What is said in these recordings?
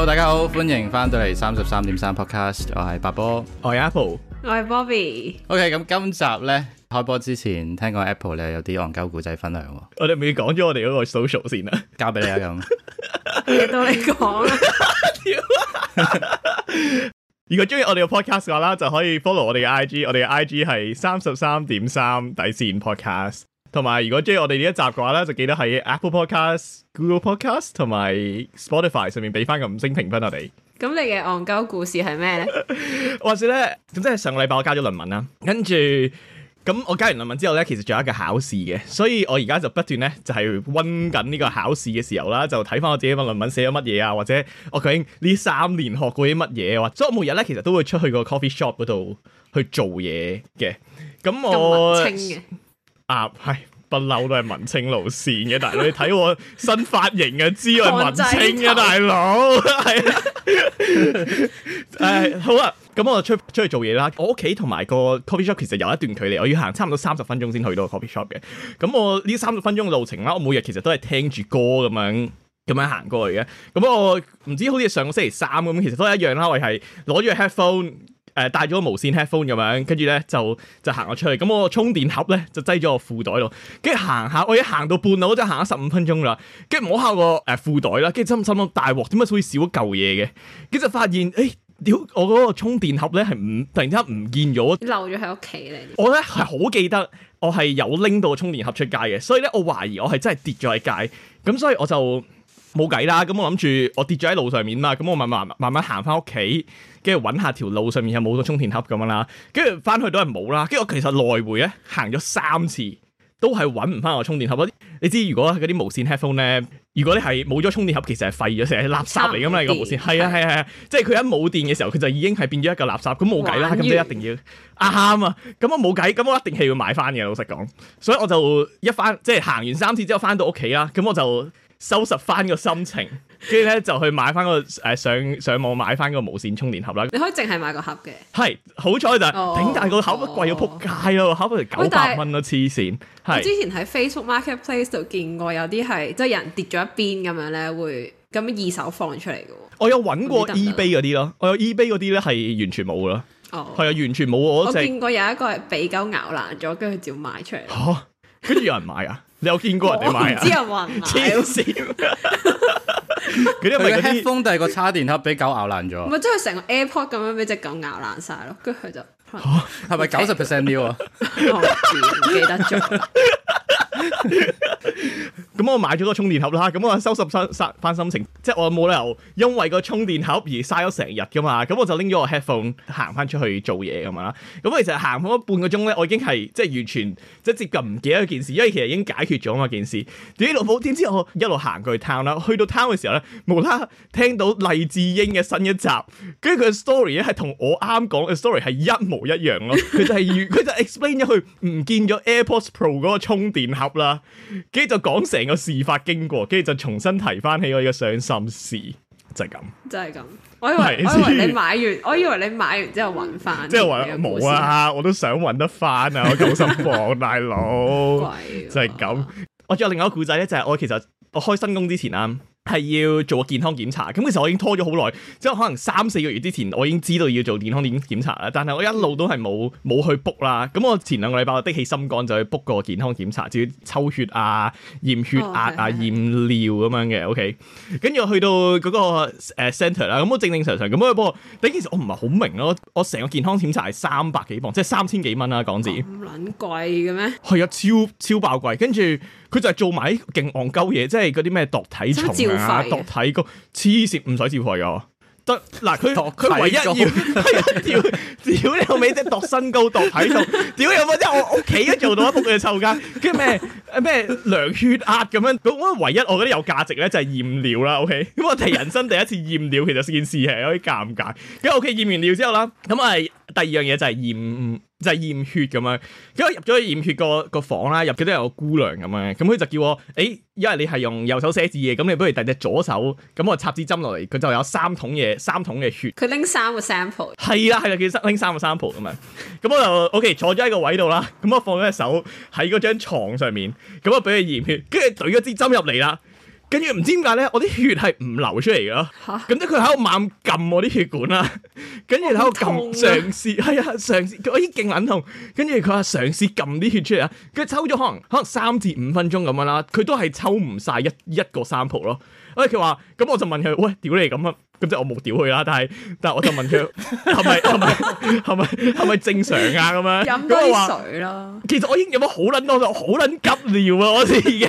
好，大家好，歡迎翻到嚟三十三點三 podcast，我係八波，'m 我係 Apple，我係 Bobby。OK，咁今集咧開波之前，聽講 Apple 咧有啲戇鳩故仔分享喎。我哋咪講咗我哋嗰個 social 先啦，交俾你啊咁。到你講啦。如果中意我哋個 podcast 嘅話啦，就可以 follow 我哋嘅 I G，我哋嘅 I G 係三十三點三底線 podcast。同埋，如果中意我哋呢一集嘅話咧，就記得喺 Apple Podcast、Google Podcast 同埋 Spotify 上面俾翻個五星評分我哋。咁你嘅戇鳩故事係咩咧？我 話說呢即是咧，總之係上個禮拜我交咗論文啦，跟住咁我交完論文之後咧，其實仲有一個考試嘅，所以我而家就不斷咧就係溫緊呢個考試嘅時候啦，就睇翻我自己份論文寫咗乜嘢啊，或者我究竟呢三年學過啲乜嘢，或者我每日咧其實都會出去個 coffee shop 度去做嘢嘅。咁我咁文青嘅。係不嬲都係文青路線嘅，大佬。你睇我新髮型嘅，知我係文青嘅大佬，係誒，好啦，咁我就出去出去做嘢啦。我屋企同埋個 coffee shop 其實有一段距離，我要行差唔多三十分鐘先去到個 coffee shop 嘅。咁我呢三十分鐘嘅路程啦，我每日其實都係聽住歌咁樣咁樣行過去嘅。咁我唔知好似上個星期三咁，其實都係一樣啦。我係攞住個 headphone。誒，戴咗、呃、個無線 headphone 咁樣，跟住咧就就行咗出去，咁我個充電盒咧就擠咗個褲袋度，跟住行下，我一行到半路，即係行咗十五分鐘啦，跟住摸下個誒褲袋啦，跟住心心諗大鑊，點解可以少咗嚿嘢嘅？跟住就發現誒，屌、欸、我嗰個充電盒咧係唔突然之間唔見咗，漏咗喺屋企嚟。我咧係好記得，我係有拎到個充電盒出街嘅，所以咧我懷疑我係真係跌咗喺街，咁所以我就。冇計啦，咁我諗住我跌咗喺路上面嘛，咁我咪慢慢慢行翻屋企，跟住搵下條路上面有冇咗充電盒咁樣啦。跟住翻去都係冇啦，跟住我其實我來回咧行咗三次，都係搵唔翻我充電盒。你知如果嗰啲無線 headphone 咧，如果你係冇咗充電盒，其實係廢咗，成日係垃圾嚟噶嘛？個無線係啊係啊係啊，即係佢一冇電嘅時候，佢就已經係變咗一個垃圾。咁冇計啦，咁都於一定要啱啊！咁我冇計，咁我一定係要買翻嘅。老實講，所以我就一翻即係行完三次之後翻到屋企啦，咁我就。收拾翻個心情，跟住咧就去買翻個誒，上上網買翻個無線充電盒啦。你可以淨係買個盒嘅？係，好彩就，但大個盒好貴到仆街咯，盒費嚟九百蚊咯，黐線。我之前喺 Facebook Marketplace 度見過有啲係，即係有人跌咗一邊咁樣咧，會咁樣二手放出嚟嘅。我有搵過 eBay 嗰啲咯，我有 eBay 嗰啲咧係完全冇啦。哦，係啊，完全冇我。我見過有一個係被狗咬爛咗，跟住照賣出嚟。跟住有人買啊？你有見過人哋買啊？人雲，黐線。佢啲 headphone 都係個叉電盒俾狗咬爛咗，咪係即係成個 AirPod 咁樣俾隻狗咬爛晒咯，跟住佢就吓係咪九十 percent 啲啊？唔記得咗。咁我買咗個充電盒啦，咁我收拾心心翻心情，即係我冇理由因為個充電盒而嘥咗成日噶嘛，咁我就拎咗個 headphone 行翻出去做嘢咁啊，咁其實行咗半個鐘咧，我已經係即係完全即接近唔記得件事，因為其實已經解決咗嘛件事。點知我一路行過去 town 啦，去到 town 嘅時候。無啦，聽到黎智英嘅新一集，跟住佢嘅 story 咧，係同我啱講嘅 story 係一模一樣咯。佢就係佢 就 explain 咗佢唔見咗 AirPods Pro 嗰個充電盒啦，跟住就講成個事發經過，跟住就重新提翻起我嘅傷心事，就係、是、咁，就係咁。我以為是我以為你買完，我以為你買完之後揾翻，即係話冇啊！我都想揾得翻啊！我好失望，大佬，啊、就係咁。我仲有另外一個故仔咧，就係、是、我其實我開新工之前啱。係要做個健康檢查，咁嘅時候我已經拖咗好耐，即係可能三四個月之前我已經知道要做健康檢檢查啦，但係我一路都係冇冇去 book 啦。咁我前兩個禮拜我的起心肝就去 book 個健康檢查，就要抽血啊、驗血壓啊、驗、哦、尿咁樣嘅。OK，跟住我去到嗰、那個誒 centre 啦，咁、呃、我正正常常咁去 book 其實我唔係好明咯，我成個健康檢查係三百幾磅，即係三千幾蚊啦港紙。咁撚貴嘅咩？係啊，超超爆貴，跟住。佢就係做埋啲勁戇鳩嘢，即係嗰啲咩度體重啊、度、啊、體高、黐線，唔使照肺㗎，得嗱，佢佢唯一要，屌屌 你有，老味 即係度身高、度體重，屌你，老母即係我屋企都做到一扑嘅臭家，跟住咩誒咩量血壓咁樣，咁我唯一我覺得有價值咧就係驗尿啦，OK，咁我提人生第一次驗尿，其實件事係有啲尷尬，咁 OK 驗完尿之後啦，咁啊第二樣嘢就係驗。就係驗血咁樣，咁我入咗去驗血個個房啦，入去都有個姑娘咁樣，咁佢就叫我，誒、欸，因為你係用右手寫字嘅，咁你不如遞隻左手，咁我插支針落嚟，佢就有三桶嘢，三桶嘅血。佢拎三個 sample。係啦，係啦，佢拎三個 sample 咁樣，咁 我就 O、OK, K 坐咗喺個位度啦，咁我放咗隻手喺嗰張牀上面，咁我俾佢驗血，跟住懟咗支針入嚟啦。跟住唔知點解咧，我啲血係唔流出嚟嘅咯。咁即係佢喺度猛撳我啲血管啦，跟住喺度撳嘗試，係啊，嘗試我依勁撚痛，跟住佢話嘗試撳啲血出嚟啊。佢抽咗可能可能三至五分鐘咁樣啦，佢都係抽唔晒一一個三蒲咯。我佢話，咁我就問佢喂，屌你咁啊！咁即係我冇屌佢啦，但係但係我就問佢係咪係咪係咪係咪正常啊咁樣，佢話，其實我已經飲咗好撚多好撚急尿啊，我自己。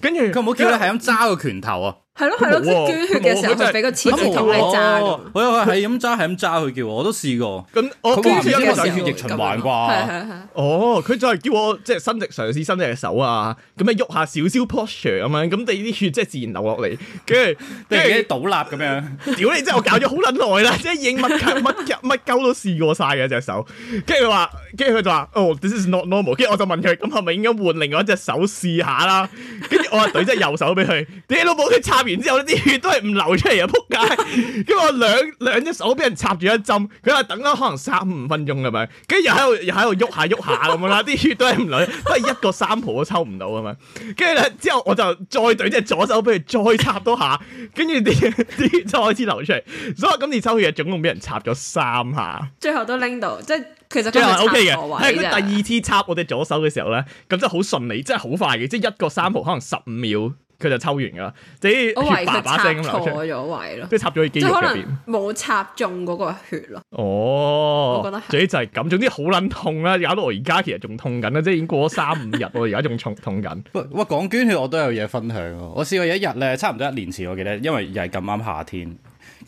跟住，佢唔好叫你係咁揸個拳頭啊！係咯係咯， 啊、即係捐血嘅時候，佢俾個刺頭同你扎，佢係咁扎，係咁扎，佢叫我，我都試過。咁我，捐血之前係血液循環啩？哦，佢就係叫我即係伸直嘗試伸隻手啊，咁啊喐下少少 posture 咁樣，咁哋啲血即係自然流落嚟，跟住跟住倒立咁樣。屌你！真係 我搞咗好捻耐啦， 即係乜乜乜乜鳩都試過晒嘅隻手。跟住佢話，跟住佢就話哦、oh,，this is not normal。跟住我就問佢，咁係咪應該換另外一隻手試下啦？跟住我話對，即係右手俾佢。爹佬，冇佢插。然之後啲血都係唔流出嚟啊！撲街，咁 我兩兩隻手俾人插住一針，佢話等咗可能三五分鐘咁樣，跟住又喺度又喺度喐下喐下咁樣啦，啲 血都係唔流，即係一個三毫都抽唔到咁樣。跟住咧之後我就再對隻左手俾佢再插多下，跟住啲啲再開始流出嚟，所以今次抽血總共俾人插咗三下，最後都拎到，即係其實佢插 k、OK、嘅。係佢已第二次插我隻左手嘅時候咧，咁真係好順利，真係好快嘅，即、就、係、是、一個三毫可能十五秒。佢就抽完噶啦，即係血叭叭聲咁流出，咗位咯，即係插咗喺肌肉入邊，冇插中嗰個血咯。哦，我覺得係，就係咁。總之好捻痛啦，搞到我而家其實仲痛緊啦，即係已經過咗三五日， 我而家仲痛痛緊。喂，講捐血我都有嘢分享。我試過有一日咧，差唔多一年前我記得，因為又係咁啱夏天，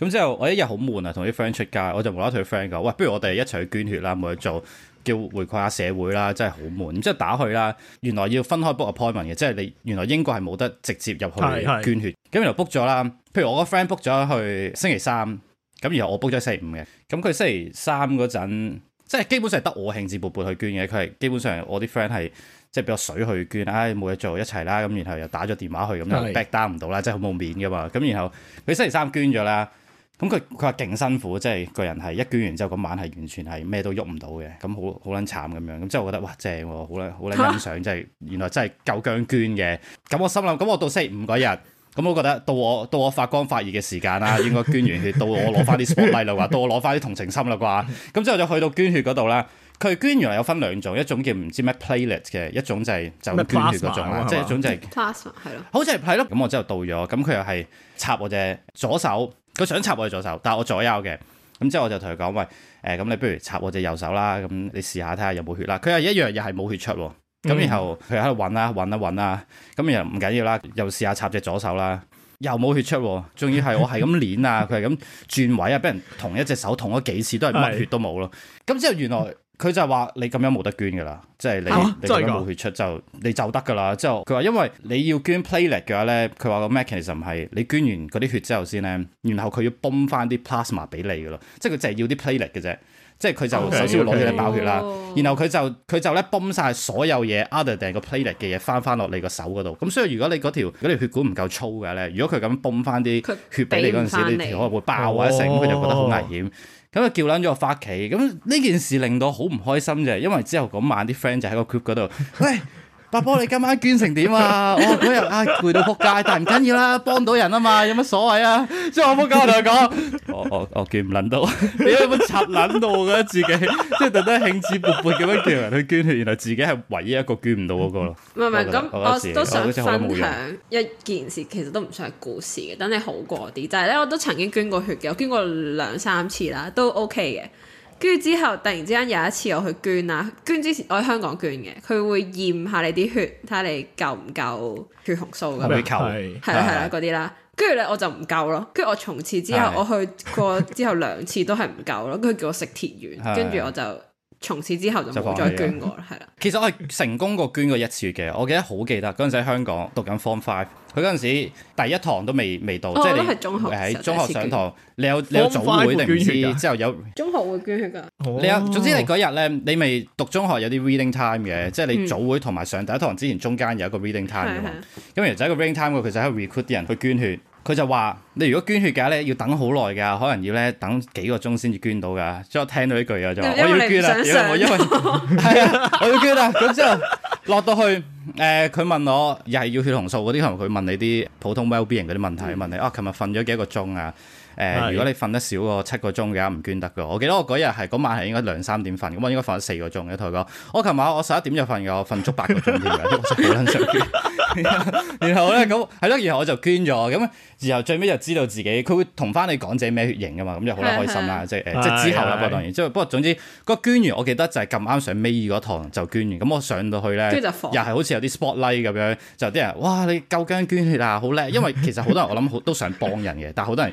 咁之後我一日好悶啊，同啲 friend 出街，我就無啦啦同 friend 講，喂，不如我哋一齊去捐血啦，冇嘢做。叫回饋下社會啦，真係好悶。即係打去啦，原來要分開 book appointment 嘅，即係你原來英國係冇得直接入去捐血。咁原來 book 咗啦，譬如我個 friend book 咗去星期三，咁然後我 book 咗星期五嘅。咁佢星期三嗰陣，即係基本上係得我興致勃勃去捐嘅。佢係基本上我啲 friend 係即係畀個水去捐，唉冇嘢做一齊啦。咁然後又打咗電話去，咁又 back down 唔到啦，即係好冇面㗎嘛。咁然後佢星期三捐咗啦。咁佢佢話勁辛苦，即係個人係一捐完之後，咁晚係完全係咩都喐唔到嘅，咁好好撚慘咁樣。咁即係我覺得哇，正好，好撚好撚欣賞，即係蛤原來真係夠薑捐嘅。咁我心諗，咁我到星期五嗰日，咁我覺得到我到我發光發熱嘅時間啦，應該捐完血，到我攞翻啲 support 話到我攞翻啲同情心啦啩。咁之後就去到捐血嗰度啦。佢捐完有分兩種，一種叫唔知咩 platelet 嘅，一種就係就捐血嗰種啦，即係一種就係、是。Plasma 吧好似係咯，咁我之後到咗，咁佢又係插我隻左手。佢想插我隻左手，但係我左右嘅，咁之後我就同佢講，喂、哎，誒，咁你不如插我隻右手啦，咁你試下睇下有冇血啦。佢又一樣又係冇血出，咁然後佢喺度揾啊揾啊揾啊，咁又唔緊要啦，又試下插隻左手啦，又冇血出，仲要係我係咁捻啊，佢係咁轉位啊，俾人同一隻手捅咗幾次都係乜血都冇咯，咁之是後原來。佢就係話你咁樣冇得捐噶啦，即係你、啊、你如果冇血出就、啊、你就得噶啦。之後佢話因為你要捐 platelet 嘅話咧，佢話個 mechanism 係你捐完嗰啲血之後先咧，然後佢要泵翻啲 plasma 俾你噶咯，即係佢淨係要啲 platelet 嘅啫。即係佢就首先會攞起嚟爆血啦，okay, okay. 然後佢就佢就咧泵晒所有嘢 other than 個 platelet 嘅嘢翻翻落你個手嗰度。咁所以如果你嗰條條血管唔夠粗嘅咧，如果佢咁泵翻啲血俾你嗰陣時，你可能會爆啊成，佢、哦、就覺得好危險。哦。咁啊叫撚咗我返屋企，咁呢件事令到我好唔開心嘅，因為之後嗰晚啲 friend 就喺個 club 嗰度，喂、哎。 阿波，你今晚捐成點啊？我嗰日啊攰到仆街，但唔緊要啦，幫到人啊嘛，有乜所謂啊？即係我仆街 我就講，我我我捐唔撚到，你有冇插撚到覺得自己？ 即係特登興致勃勃咁樣叫人去捐血，原來自己係唯一一個捐唔到嗰、那個咯。唔係唔係，咁我都想分享一件事，其實都唔算係故事嘅，等你好過啲。但係咧，我都曾經捐過血嘅，我捐過兩三次啦，都 OK 嘅。跟住之後，突然之間有一次我去捐啦，捐之前我喺香港捐嘅，佢會驗下你啲血，睇下你夠唔夠血紅素咁樣，係啦係啦嗰啲啦。跟住咧我就唔夠咯，跟住我從此之後的我去過之後兩次都係唔夠咯，跟住 佢叫我食鐵丸，跟住我就。從此之後就冇再捐過啦，係啦。其實我係成功過捐過一次嘅，我記得好記得嗰陣時喺香港讀緊 form five，佢嗰陣時第一堂都未未到，即係你喺中學上堂，你有你有早會定唔知之後有中學會捐血㗎。你有總之你嗰日咧，你未讀中學有啲 reading time 嘅，即係你早會同埋上第一堂之前中間有一個 reading time 嘅嘛。咁而就喺個 reading time 佢其實喺 recruit 啲人去捐血。佢就話：你如果你捐血嘅話咧，要等好耐㗎，可能要咧等幾個鐘先至捐到㗎。之後聽到呢句啊，我就我要捐啦！因為我要捐啦。咁 之後落到去誒，佢、呃、問我又係要血紅素嗰啲，可能佢問你啲普通 wellbeing 嗰啲問題，嗯、問你啊，琴日瞓咗幾多個鐘啊？誒，呃、的如果你瞓得少過七個鐘嘅，唔捐得㗎。我記得我嗰日係嗰晚係應該兩三點瞓，咁我應該瞓咗四個鐘嘅，同佢講。我琴晚我十一點就瞓嘅，我瞓足八個鐘嘅，都冇撚上捐。然後咧咁，係咯，然後我就捐咗。咁然後最尾就知道自己，佢會同翻你講自己咩血型㗎嘛。咁就好開心啦，即係之後啦，的我當然不過總之、嗰個捐完，我記得就係咁啱上尾嗰堂就捐完。咁我上到去咧，又係好似有啲 spotlight 咁樣，就啲人哇，你夠薑捐血啊，好叻！因為其實好多人我諗都想幫人嘅， 但好多人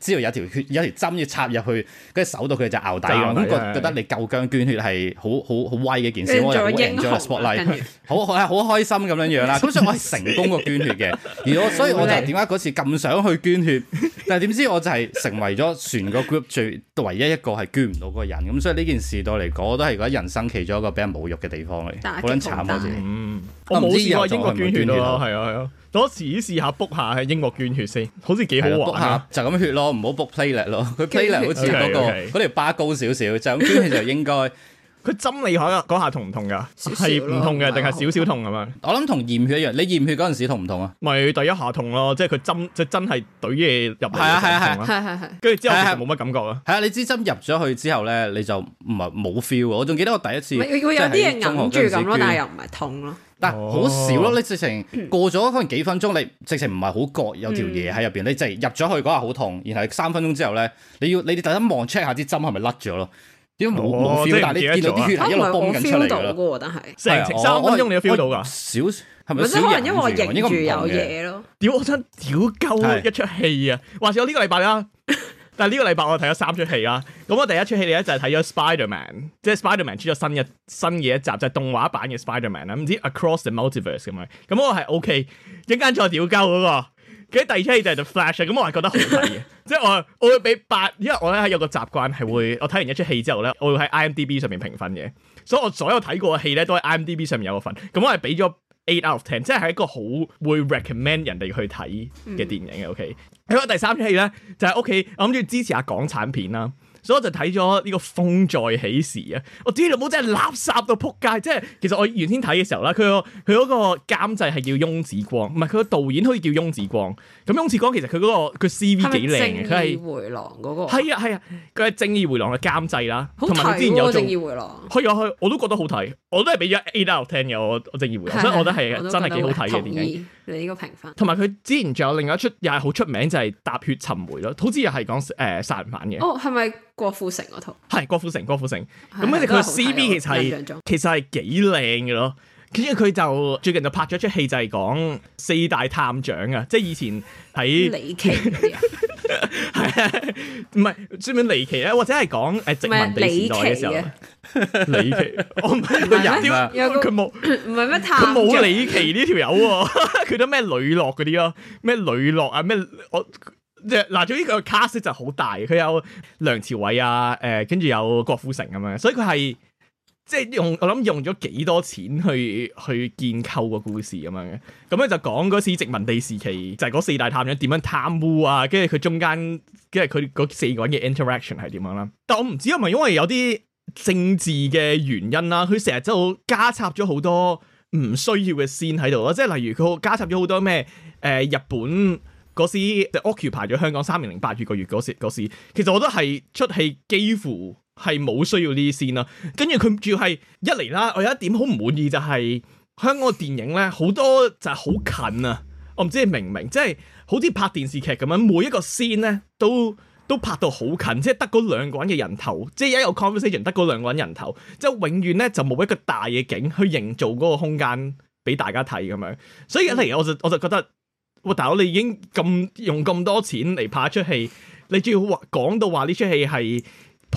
知道有條血有條針要插入去，跟住手到佢就拗底咁樣，覺得是是覺得你夠薑捐血係、啊、 好好好威嘅一件事，我係好 enjoy spotlight，好係好開心咁樣樣啦。咁 所以我係成功過捐血嘅。 而我所以我就點解嗰次咁想去捐血，但係點知我就係成為咗全個 group 最唯一一個係捐唔到個人，咁所以呢件事對嚟講，都係覺得人生其中一個俾人侮辱嘅地方嚟，好撚慘好似。嗯，我冇試過英國捐血咯，係啊係啊。多試試下 book 下喺英國捐血先，好似幾好玩，book 下，就咁血咯，唔好 book platelet 咯。佢 platelet 好似嗰個嗰條疤高少少，就咁捐血就應該。佢針你嗰下，嗰下痛唔痛噶？係唔痛嘅，定係少少痛係嘛？我諗同驗血一樣，你驗血嗰陣時痛唔痛啊？咪第一下痛咯，即係佢針，即係真係懟嘢入去係係係係係係，跟住之後冇乜感覺啦。係啊，你支針入咗去之後咧，你就唔係冇 feel。我仲記得我第一次，有啲嘢揞住，但係又唔係痛咯。但好少咯，你直情過咗可能幾分鐘，你直情唔係好覺有條嘢喺入邊，你即係入咗去嗰下好痛，然後三分鐘之後咧，你要你哋第一望 check 下啲針係咪甩咗咯？點解冇？冇，但係你見到啲血係一路崩緊出嚟咯。即係我 feel 到噶，少係咪少？唔係即係可能因為凝住有嘢咯。屌我真屌鳩一出戲啊！話說我呢個禮拜啦？但係呢個禮拜我睇咗三出戲啦，咁我第一出戲咧就係睇咗 Spiderman，即係 Spiderman 出咗新嘅新嘅一集就係動畫版嘅 Spiderman 啦，唔知 Across the Multiverse 咁樣，咁我係 O K，陣間再吊膠嗰個，跟住第二出戲就係 The Flash 啊，咁我係覺得好睇嘅， 即係我我會俾八，因為我咧係有個習慣係會我睇完一出戲之後咧，我會喺 IMDB 上面評分嘅，所以我所有睇過嘅戲咧都喺 IMDB 上面有個分，咁我係俾咗。Eight out of ten，即係係一個好會 recommend 人哋去睇嘅電影，嗯、OK，喺我第三出戲咧就係屋企。我諗住支持下港產片啦。所以我就睇咗呢個《風再起時》啊！我知你老母真係垃圾到撲街，即係其實我原先睇嘅時候啦，佢個佢嗰個監製係叫翁子光，唔係佢個導演好似叫翁子光。咁翁子光其實佢嗰個佢 CV 幾靚嘅，佢係《回廊》嗰個。係啊係啊，佢係《正義迴廊》嘅監製啦，同埋佢之前有做《正義迴廊》啊。係啊係啊，我都覺得好睇，我都係俾咗8 out of 10嘅。我正義迴廊，嗎，所以我覺得係真係幾好睇嘅電影。你呢個評分。同埋佢之前仲有另外一出又係好出名，就係《踏血尋梅》咯，好似又係講誒殺人犯嘅。哦，係咪？郭富城嗰套係郭富城，郭富城咁咧，佢的 C B 其實係其實係幾靚嘅咯，跟住佢就最近拍一就拍咗出戲就係講四大探長啊，即係以前喺離奇唔係專門離奇啊？或者係講誒殖民地時代嘅時候，離奇， 李奇我唔係佢廿秒，佢冇唔係咩探，冇離奇呢條友，佢 都咩磊樂嗰啲咯，咩磊樂啊，咩我。嗱，總之佢個 cast 就好大，佢有梁朝偉啊，誒、呃，跟住有郭富城咁樣，所以佢係即係用我諗用咗幾多錢去去建構個故事咁樣嘅。咁咧就講嗰次殖民地時期，就係嗰四大探長點樣貪污啊，跟住佢中間，跟住佢四個人嘅 interaction 係點樣啦。但我唔知係咪因為有啲政治嘅原因啦，佢成日就加插咗好多唔需要嘅線喺度咯，即係例如佢加插咗好多咩誒、呃、日本。嗰時就 occupy 咗香港三年零八月個月嗰時，時其實我都係出戲幾乎係冇需要呢啲線啦。跟住佢主要係一嚟啦，我有一點好唔滿意就係、係、香港嘅電影咧，好多就係好近啊！我唔知你明唔明？即係好似拍電視劇咁樣，每一個線咧都都拍到好近，即係得嗰兩個人嘅人頭，即係一個 con 有 conversation 得嗰兩個人人頭，即係永遠咧就冇一個大嘅景去營造嗰個空間俾大家睇咁樣。所以一嚟我就我就覺得。喂，大佬，你已經咁用咁多錢嚟拍一出戲，你仲要話講到話呢出戲係？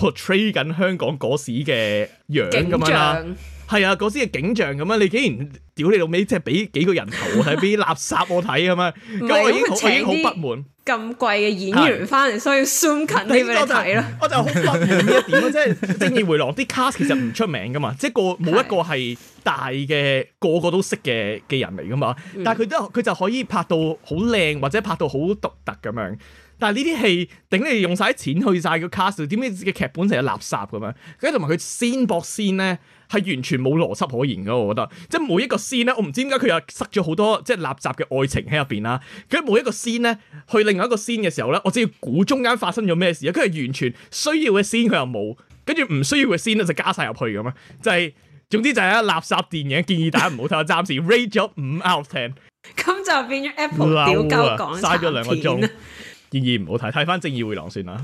portray 緊香港嗰時嘅樣咁象樣啦，係啊，嗰、啊、時嘅景象咁樣，你竟然屌你老尾，即係俾幾個人頭我睇，俾垃圾我睇咁啊！咁我， 是我已經好不滿。咁貴嘅演員翻嚟，需是要近 zoom 近啲俾你睇咯。我就好不滿呢一,一點，即係 《正義回廊》啲 cast 其實唔出名噶嘛，即係個冇一個係大嘅， 個個都識嘅嘅人嚟噶嘛。但係佢都佢就可以拍到好靚，或者拍到好獨特咁樣。但係呢啲戲頂你用晒啲錢去晒個 cast，點解嘅劇本成日垃圾咁樣？跟住同埋佢先博先咧，係完全冇邏輯可言嘅，我覺得。即係每一個先咧，我唔知點解佢又塞咗好多即係垃圾嘅愛情喺入邊啦。跟住每一個先咧，去另外一個先嘅時候咧，我只要估中間發生咗咩事，佢係完全需要嘅先，佢又冇，跟住唔需要嘅先，咧就加晒入去咁啊！就係、是、總之就係一垃圾電影， 建議大家唔好睇，暫時 rate 咗五 out ten 咁就變咗 Apple 屌嘥咗兩個鐘。 建議唔好睇，睇翻《正義迴廊》算啦。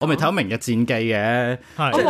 我未睇到《明日戰記》嘅，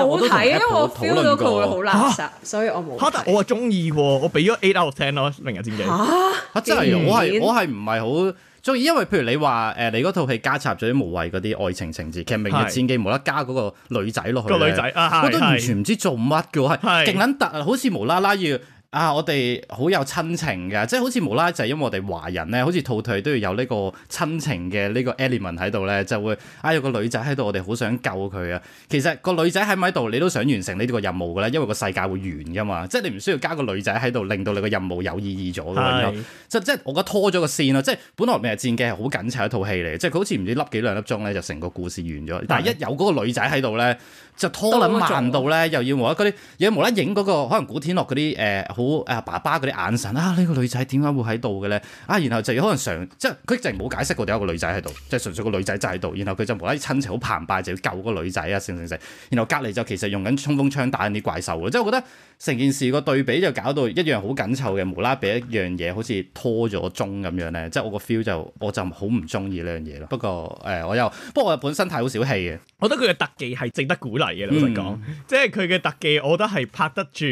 我冇睇，因為我 feel 到佢會好垃圾，所以我冇。哈！我話中意，我俾咗 eight out ten 咯，《明日戰記》。哈！真係我係我係唔係好中意，因為譬如你話誒，你嗰套戲加插咗啲無謂嗰啲愛情情節，其實《明日戰記》冇得加嗰個女仔落去。個女仔，我都完全唔知做乜嘅，係勁捻突，好似無啦啦要。啊！我哋好有親情嘅，即係好似無啦，就係因為我哋華人咧，好似套戲都要有呢個親情嘅呢個 element 喺度咧，就會啊、哎、有個女仔喺度，我哋好想救佢啊！其實個女仔喺唔喺度，你都想完成呢啲個任務㗎啦，因為個世界會完㗎嘛，即係你唔需要加個女仔喺度，令到你個任務有意義咗咯。就是的 即係我覺得拖咗個線咯，即係本來《明日戰記》係好緊湊一套戲嚟，即係佢好似唔知粒幾兩粒鐘咧，就成個故事完咗。是的 但係一有嗰個女仔喺度咧，就拖撚慢到咧，又要和嗰啲，又無啦影嗰個可能古天樂啲誒、呃、好誒、啊、爸爸啲眼神啊！呢、呢個女仔點解會喺度嘅咧？啊，然後就要可能想，即係佢就冇解釋過點解個女仔喺度，就純粹個女仔就喺度，然後佢就無啦啲親情好澎湃，就要救個女仔啊！成成成，然後隔離就其實用緊衝鋒槍打緊啲怪獸，即係我覺得。成件事個對比就搞到一樣好緊湊嘅，無啦啦俾一樣嘢好似拖咗鐘咁樣咧，即係我個 feel 就我就好唔中意呢樣嘢咯。不過誒、呃，我又不過我本身睇好小氣嘅，我覺得佢嘅特技係值得鼓勵嘅。老實講，嗯、即係佢嘅特技，我覺得係拍得住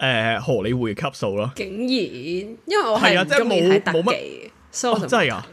誒荷里活級數咯。竟然因為我係啊，即係冇冇乜，真係啊，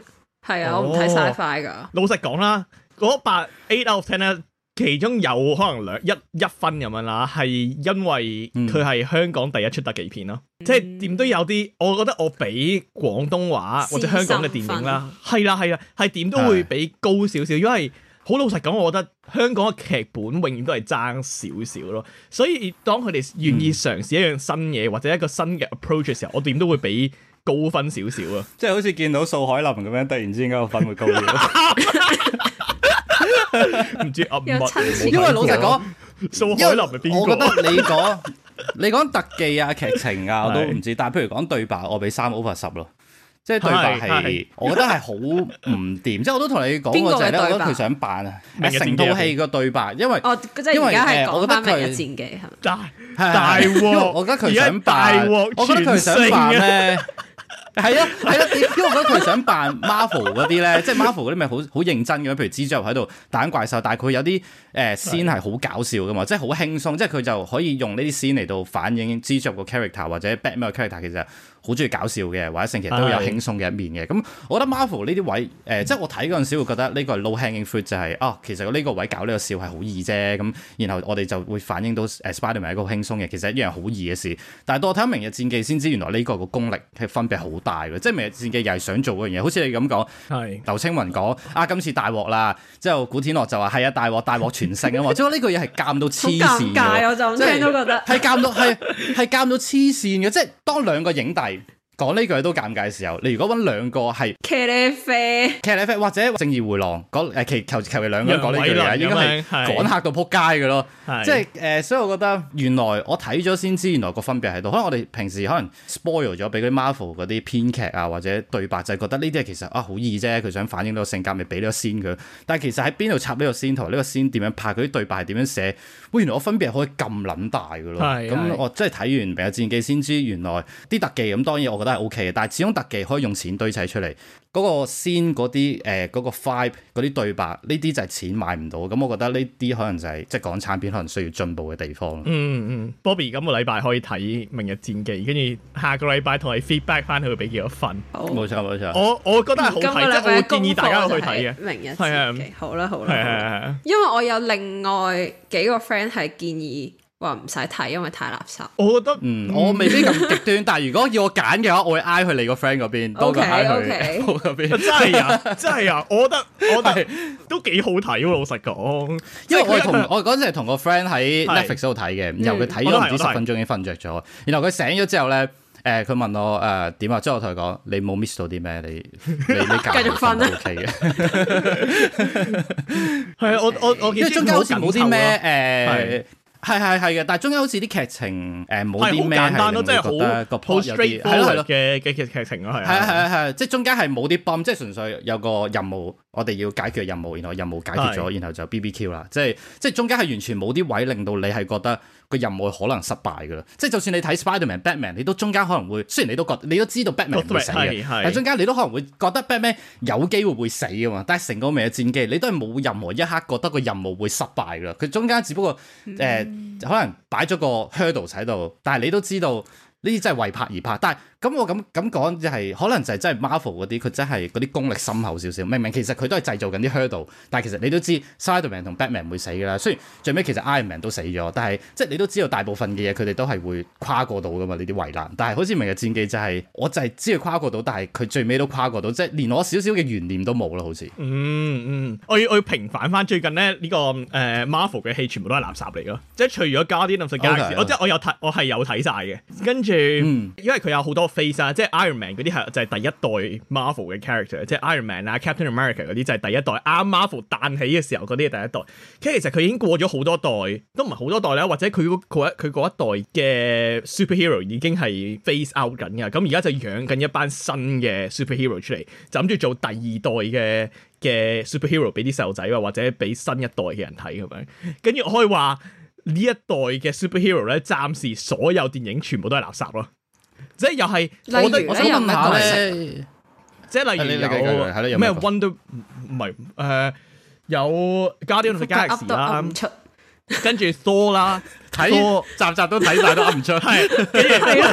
係、哦、啊，我唔睇 sci-fi 㗎。老實講啦，我拍 eight out of ten 其中有可能兩一一分咁樣啦，係因為佢係香港第一出特技片咯，嗯、即係點都有啲。我覺得我比廣東話或者香港嘅電影啦，係啦係啦，係點都會比高少少，是因為好老實講，我覺得香港嘅劇本永遠都係爭少少咯。所以當佢哋願意嘗試一樣新嘢或者一個新嘅 approach 嘅時候，我點都會比高分少少啊！即係好似見到蘇海林咁樣，突然之間個分會高啲。 唔知暗密，因為老實講，蘇海林係邊個？我覺得你講你講特技啊、劇情啊，我都唔知。但係譬如講對白，我俾三 over 十咯，即係對白係，我覺得係好唔掂。即係我都同你講，我就覺得佢想扮啊，成套戲個對白，因為哦，即係而家係講緊《明日戰記》係嘛，大鑊大鑊，我覺得佢想扮，我覺得佢想扮咩？係 啊，係啊，因為我覺得佢想扮 Marvel 嗰啲咧， 即係 Marvel 嗰啲咪好好認真嘅，譬如蜘蛛喺度打怪獸，但係佢有啲誒、呃、scene 係好 的搞笑嘅嘛，即係好輕鬆，即係佢就可以用呢啲 scene 嚟到反映蜘蛛個 character 或者 Batman 嘅 character，其實。好中意搞笑嘅，或者成日都有輕鬆嘅一面嘅。咁的、嗯，我覺得 Marvel 呢啲位，誒、呃，即係我睇嗰陣時會覺得呢個係 low hanging fruit，就係、是、哦，其實呢個位搞呢個笑係好易啫。咁、嗯，然後我哋就會反映到 Spider-Man 一個輕鬆嘅，其實一樣好易嘅事。但係當我睇《明日戰記》先知，原來呢個嘅功力係分別好大嘅，即係《明日戰記》又係想做嗰樣嘢。好似你咁講，係劉青雲講啊，今次大鑊啦。之後古天樂就話：係啊，大鑊，大鑊全勝啊嘛。即係呢個嘢係尷到黐線， 我就聽都覺得係尷到係係尷到黐線嘅。即係 當兩個影帝，講呢句都尷尬嘅時候，你如果揾兩個係《騎呢啡》《騎呢啡》，或者《正義回廊》，講誒其求其兩個人講呢句嘢，應該係趕客到仆街嘅咯。即係誒，所以我覺得原來我睇咗先知，原來個分別喺度。可能我哋平時可能 spoil 咗俾佢 Marvel 嗰啲編劇啊，或者對白，就係覺得呢啲係其實啊好易啫。佢想反映到性格，咪俾咗先佢。但係其實喺邊度插呢個先，同埋呢個先點樣拍？佢啲對白係點樣寫？喂，原來我分別可以咁撚大嘅咯。咁的我真係睇完《明日戰記》先知，原來啲特技咁，當然我覺得。都係 OK 嘅，但係始終特技可以用錢堆砌出嚟，嗰個先嗰啲，誒嗰個 five 嗰啲對白，呢啲就係錢買唔到，咁我覺得呢啲可能就係即係港產片可能需要進步嘅地方嗯。嗯嗯嗯，Bobby 今個禮拜可以睇《明日戰記》，跟住下個禮拜同你 feedback 翻去俾幾多分？冇錯冇錯，錯錯我我覺得係好睇，我建議大家去睇嘅《明日戰記》。係啊，好啦好啦，係係係，的因為我有另外幾個 friend 係建議。話唔使睇，因為太垃圾。我覺得嗯，我未必咁極端，但係如果要我揀嘅話，我會挨去你個 friend 嗰邊，多佢多佢。真係真係啊！我覺得我哋都幾好睇，老實講。因為我同我嗰陣係同個 friend 喺 Netflix 度睇嘅，然後佢睇咗唔知十分鐘已經瞓着咗。然後佢醒咗之後咧，誒，佢問我誒，點啊？之後我同佢講，你冇 miss 到啲咩？你你繼續瞓啊？O K 嘅。係啊，我我我因為中間好似冇啲咩誒。係係係嘅，但係中間好似啲劇情誒冇啲咩，係、呃、咪你覺得個 plot 有啲嘅嘅劇情咯？係啊係啊係，即係中間係冇啲 bond 即係純粹有個任務，我哋要解決任務，然後任務解決咗，的然後就 BBQ 啦。即係即係中間係完全冇啲位，令到你係覺得。個任務可能失敗噶啦，即係就算你睇 Spiderman、Batman，你都中間可能會雖然你都覺你都知道 Batman 唔會死嘅，The threat，但中間你都可能會覺得 Batman 有機會會死噶嘛，但係成個未有戰機，你都係冇任何一刻覺得個任務會失敗噶啦，佢中間只不過誒、mm. 呃、可能擺咗個 hurdle 喺度，但係你都知道呢啲真係為拍而拍，但係。咁我咁咁講，就係可能就係真係 Marvel 嗰啲，佢真係嗰啲功力深厚少少。明唔明？其實佢都係製造緊啲 hurdle，但係其實你都知 Spiderman 同 Batman 會死噶啦。雖然最尾其實 Ironman 都死咗，但係即係你都知道大部分嘅嘢佢哋都係會跨過到噶嘛，呢啲圍欄。但係好似明日戰記就係、是，我就係知道跨過到，但係佢最尾都跨過到，即係連我少少嘅懸念都冇啦，好似。嗯嗯，我要我要平反翻最近咧、這、呢個誒、呃、Marvel 嘅戲全部都係垃圾嚟咯，即係除咗 Guardians of the Galaxy 我即係、嗯、我有睇，我係有睇晒嘅。跟住，嗯、因為佢有好多。phase 啊，即係 Iron Man 嗰啲係就係第一代 Marvel 嘅 character，即係 Iron Man 啊、Captain America 嗰啲就係第一代 i、啊、Marvel 彈起嘅時候嗰啲係第一代，其實佢已經過咗好多代，都唔係好多代啦，或者佢嗰佢一佢一代嘅 superhero 已經係 phase out 緊㗎，咁而家就養緊一班新嘅 superhero 出嚟，就諗住做第二代嘅嘅 superhero 俾啲細路仔或者俾新一代嘅人睇咁樣，跟住我可以話呢一代嘅 superhero 咧，暫時所有電影全部都係垃圾咯。即係又係如，我想問下咧，即係例如有咩 wonder 唔係誒、呃、有加啲咩雞屎啦，跟住梳啦。睇集集都睇晒都噏唔出，係，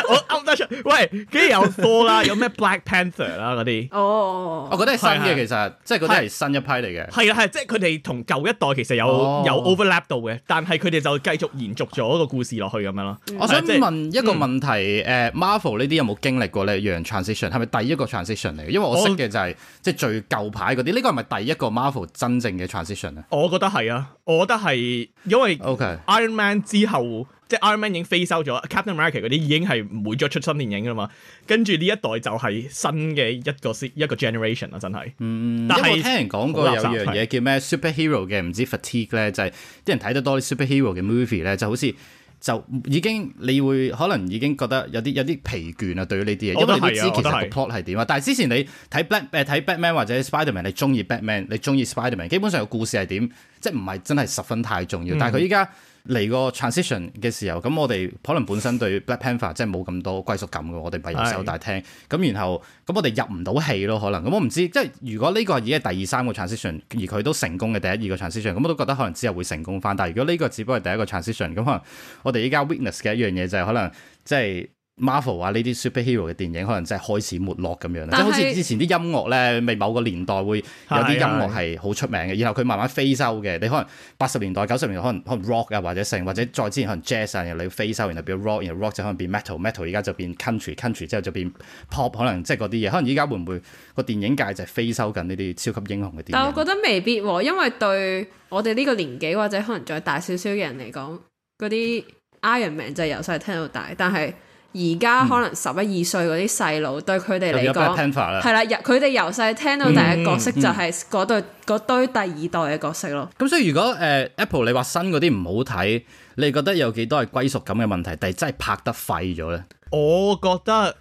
我噏得出。喂，跟住有 four 啦，有咩 Black Panther 啦嗰啲。哦，我覺得係新嘅其實即係嗰啲係新一批嚟嘅。係啊係，即係佢哋同舊一代其實有有 overlap 到嘅，但係佢哋就繼續延續咗個故事落去咁樣咯。我想問一個問題，誒 Marvel 呢啲有冇經歷過呢樣 transition？係咪第一個 transition 嚟嘅？因為我識嘅就係即係最舊牌嗰啲，呢個係咪第一個 Marvel 真正嘅 transition 咧？我覺得係啊，我覺得係因為 Iron Man 之後即係 Iron Man 已經飛收咗，Captain America 嗰啲已經係唔會再出新電影噶嘛？跟住呢一代就係新嘅一個一個 generation 啦，真係。嗯，但係是我聽人講過有樣嘢叫咩的 Superhero 嘅唔知 fatigue 咧，就係、是、啲人睇得多啲 Superhero 嘅 movie 咧，就好似就已經你會可能已經覺得有啲有啲疲倦啊，對於呢啲嘢，因為你知其實,其實個 plot 係點啊。但係之前你睇 Bla 睇、呃、Batman 或者 Spiderman，你中意 Batman，你中意 Spiderman，基本上個故事係點，即係唔係真係十分太重要。但係佢依家。嚟個 transition 嘅時候，咁我哋可能本身對 Black Panther 即係冇咁多歸屬感嘅，我哋唔係入售大廳，咁是的 然後咁我哋入唔到戲咯，可能咁我唔知，即係如果呢個已經係第二三個 transition 而佢都成功嘅第一二個 transition，咁我都覺得可能之後會成功返。但係如果呢個只不過係第一個 transition，咁可能我哋依家 Witness 嘅一樣嘢就係可能即係。Marvel 啊，呢啲 superhero 嘅電影可能真係開始沒落咁樣啦，是即係好似之前啲音樂咧，未某個年代會有啲音樂係好出名嘅，是是是，然後佢慢慢飛收嘅。你可能八十年代、九十年代可能可能 rock 啊，或者成或者再之前可能 jazz 啊，然後你飛收，然後變 rock，然後 rock 就可能變 metal，metal 而家就變 country，country 之 country 後就變 pop，可能即係嗰啲嘢。可能依家會唔會個電影界就係飛收緊呢啲超級英雄嘅電影？但係我覺得未必，因為對我哋呢個年紀或者可能再大少少嘅人嚟講，嗰啲 Iron Man 就係由細聽到大，但係。而家可能十一二歲嗰啲細路對佢哋嚟講，係啦，佢哋由細聽到第一角色就係嗰對嗰堆第二代嘅角色咯。咁所以如果誒、呃、Apple 你話新嗰啲唔好睇，你覺得有幾多係歸屬感嘅問題，定真係拍得廢咗咧？我覺得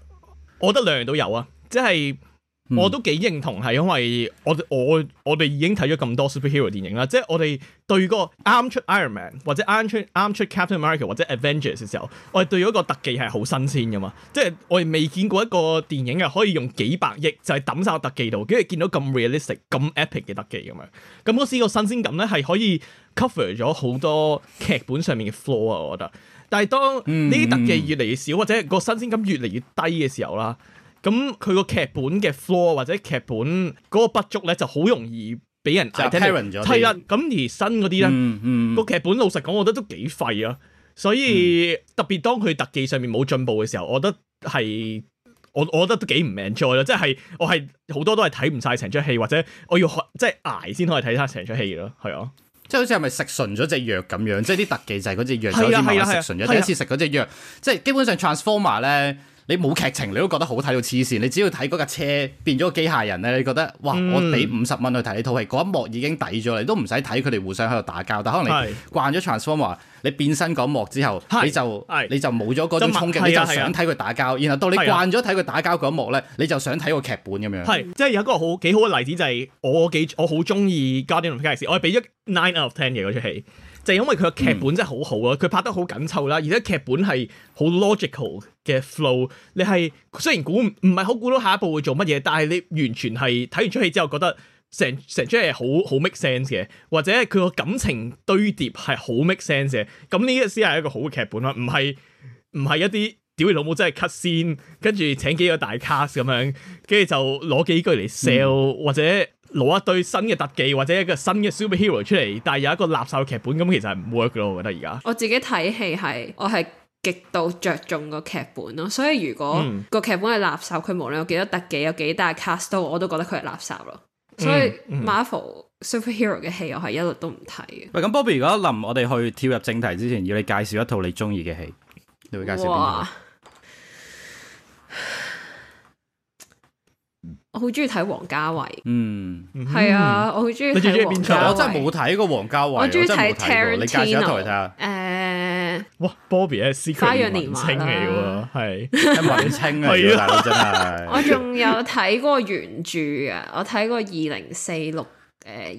我覺得兩樣都有啊，即係。我都幾認同，係因為我我我哋已經睇咗咁多 superhero 電影啦，即係我哋對個啱出 Iron Man 或者啱出啱出 Captain America 或者 Avengers 嘅時候，我哋對嗰個特技係好新鮮噶嘛，即係我哋未見過一個電影係可以用幾百億就係抌晒個特技度，跟住見到咁 realistic、咁 epic 嘅特技咁樣，咁嗰時個新鮮感咧係可以 cover 咗好多劇本上面嘅 flaw 啊，我覺得。但係當呢啲特技越嚟越少，嗯、或者個新鮮感越嚟越低嘅時候啦。咁佢個劇本嘅 flow 或者劇本嗰個不足咧，就好容易俾人就 carry 咗。carry 咁而新嗰啲咧，個、嗯嗯、劇本老實講，我覺得都幾廢啊。所以特別當佢特技上面冇進步嘅時候，我覺得係我我覺得都幾唔 enjoy 咯。即係我係好多都係睇唔晒成出戲，或者我要即係、就是、捱先可以睇晒成出戲咯。係啊，即係好似係咪食純咗隻藥咁樣？即係啲特技就係嗰隻藥，係啊係啊食純咗隻藥係啊，啊啊啊第一次食嗰隻藥，即係基本上 transformer 咧。你冇劇情，你都覺得好睇到黐線。你只要睇嗰架車變咗個機械人咧，你覺得哇！我俾五十蚊去睇你套戲，嗰、嗯、一幕已經抵咗你，都唔使睇佢哋互相喺度打交。但可能你慣咗 Transformer，你變身嗰一幕之後，是你就是你就冇咗嗰種衝擊，你就想睇佢打交。然後到你慣咗睇佢打交嗰一幕咧，啊、你就想睇個劇本咁樣。係，即、就、係、是、有一個好幾好嘅例子就係我幾我好中意 Guardians of the Galaxy 我係俾咗 nine out of ten 嘅嗰出戲。就係因為佢嘅劇本真係好好啊，佢、嗯、拍得好緊湊啦，而且劇本係好 logical 嘅 flow 你。你係雖然估唔唔係好估到下一步會做乜嘢，但係你完全係睇完出戲之後覺得成成出戲係好好 make sense 嘅，或者佢個感情堆疊係好 make sense 嘅。咁呢啲先係一個好嘅劇本咯，唔係唔係一啲。屌你老母真係 cut 先，跟住請幾個大 cast 咁樣，跟住就攞幾句嚟 sell，、嗯、或者攞一堆新嘅特技或者一個新嘅 Superhero 出嚟，但係有一個垃圾嘅劇本，咁其實係唔 work 咯，我覺得而家。我自己睇戲係我係極度着重個劇本咯，所以如果個劇本係垃圾，佢、嗯、無論有幾多特技，有幾大 cast 都，我都覺得佢係垃圾咯。所以 Marvel、嗯嗯、Superhero 嘅戲我係一路都唔睇嘅。喂、嗯，咁、嗯、Bobby 如果臨我哋去跳入正題之前，要你介紹一套你中意嘅戲，你會介紹邊套？我好中意睇王家衛，嗯，係啊，我好中意。睇最中意邊出？我真係冇睇過王家衛。我中意睇 Tarantino 你介紹套睇下看看。誒、呃，哇，Bobby 咧，Bob 花樣年華係，文青嚟㗎，大佬 真係。 我仲有睇過原著啊，我睇過二零四六誒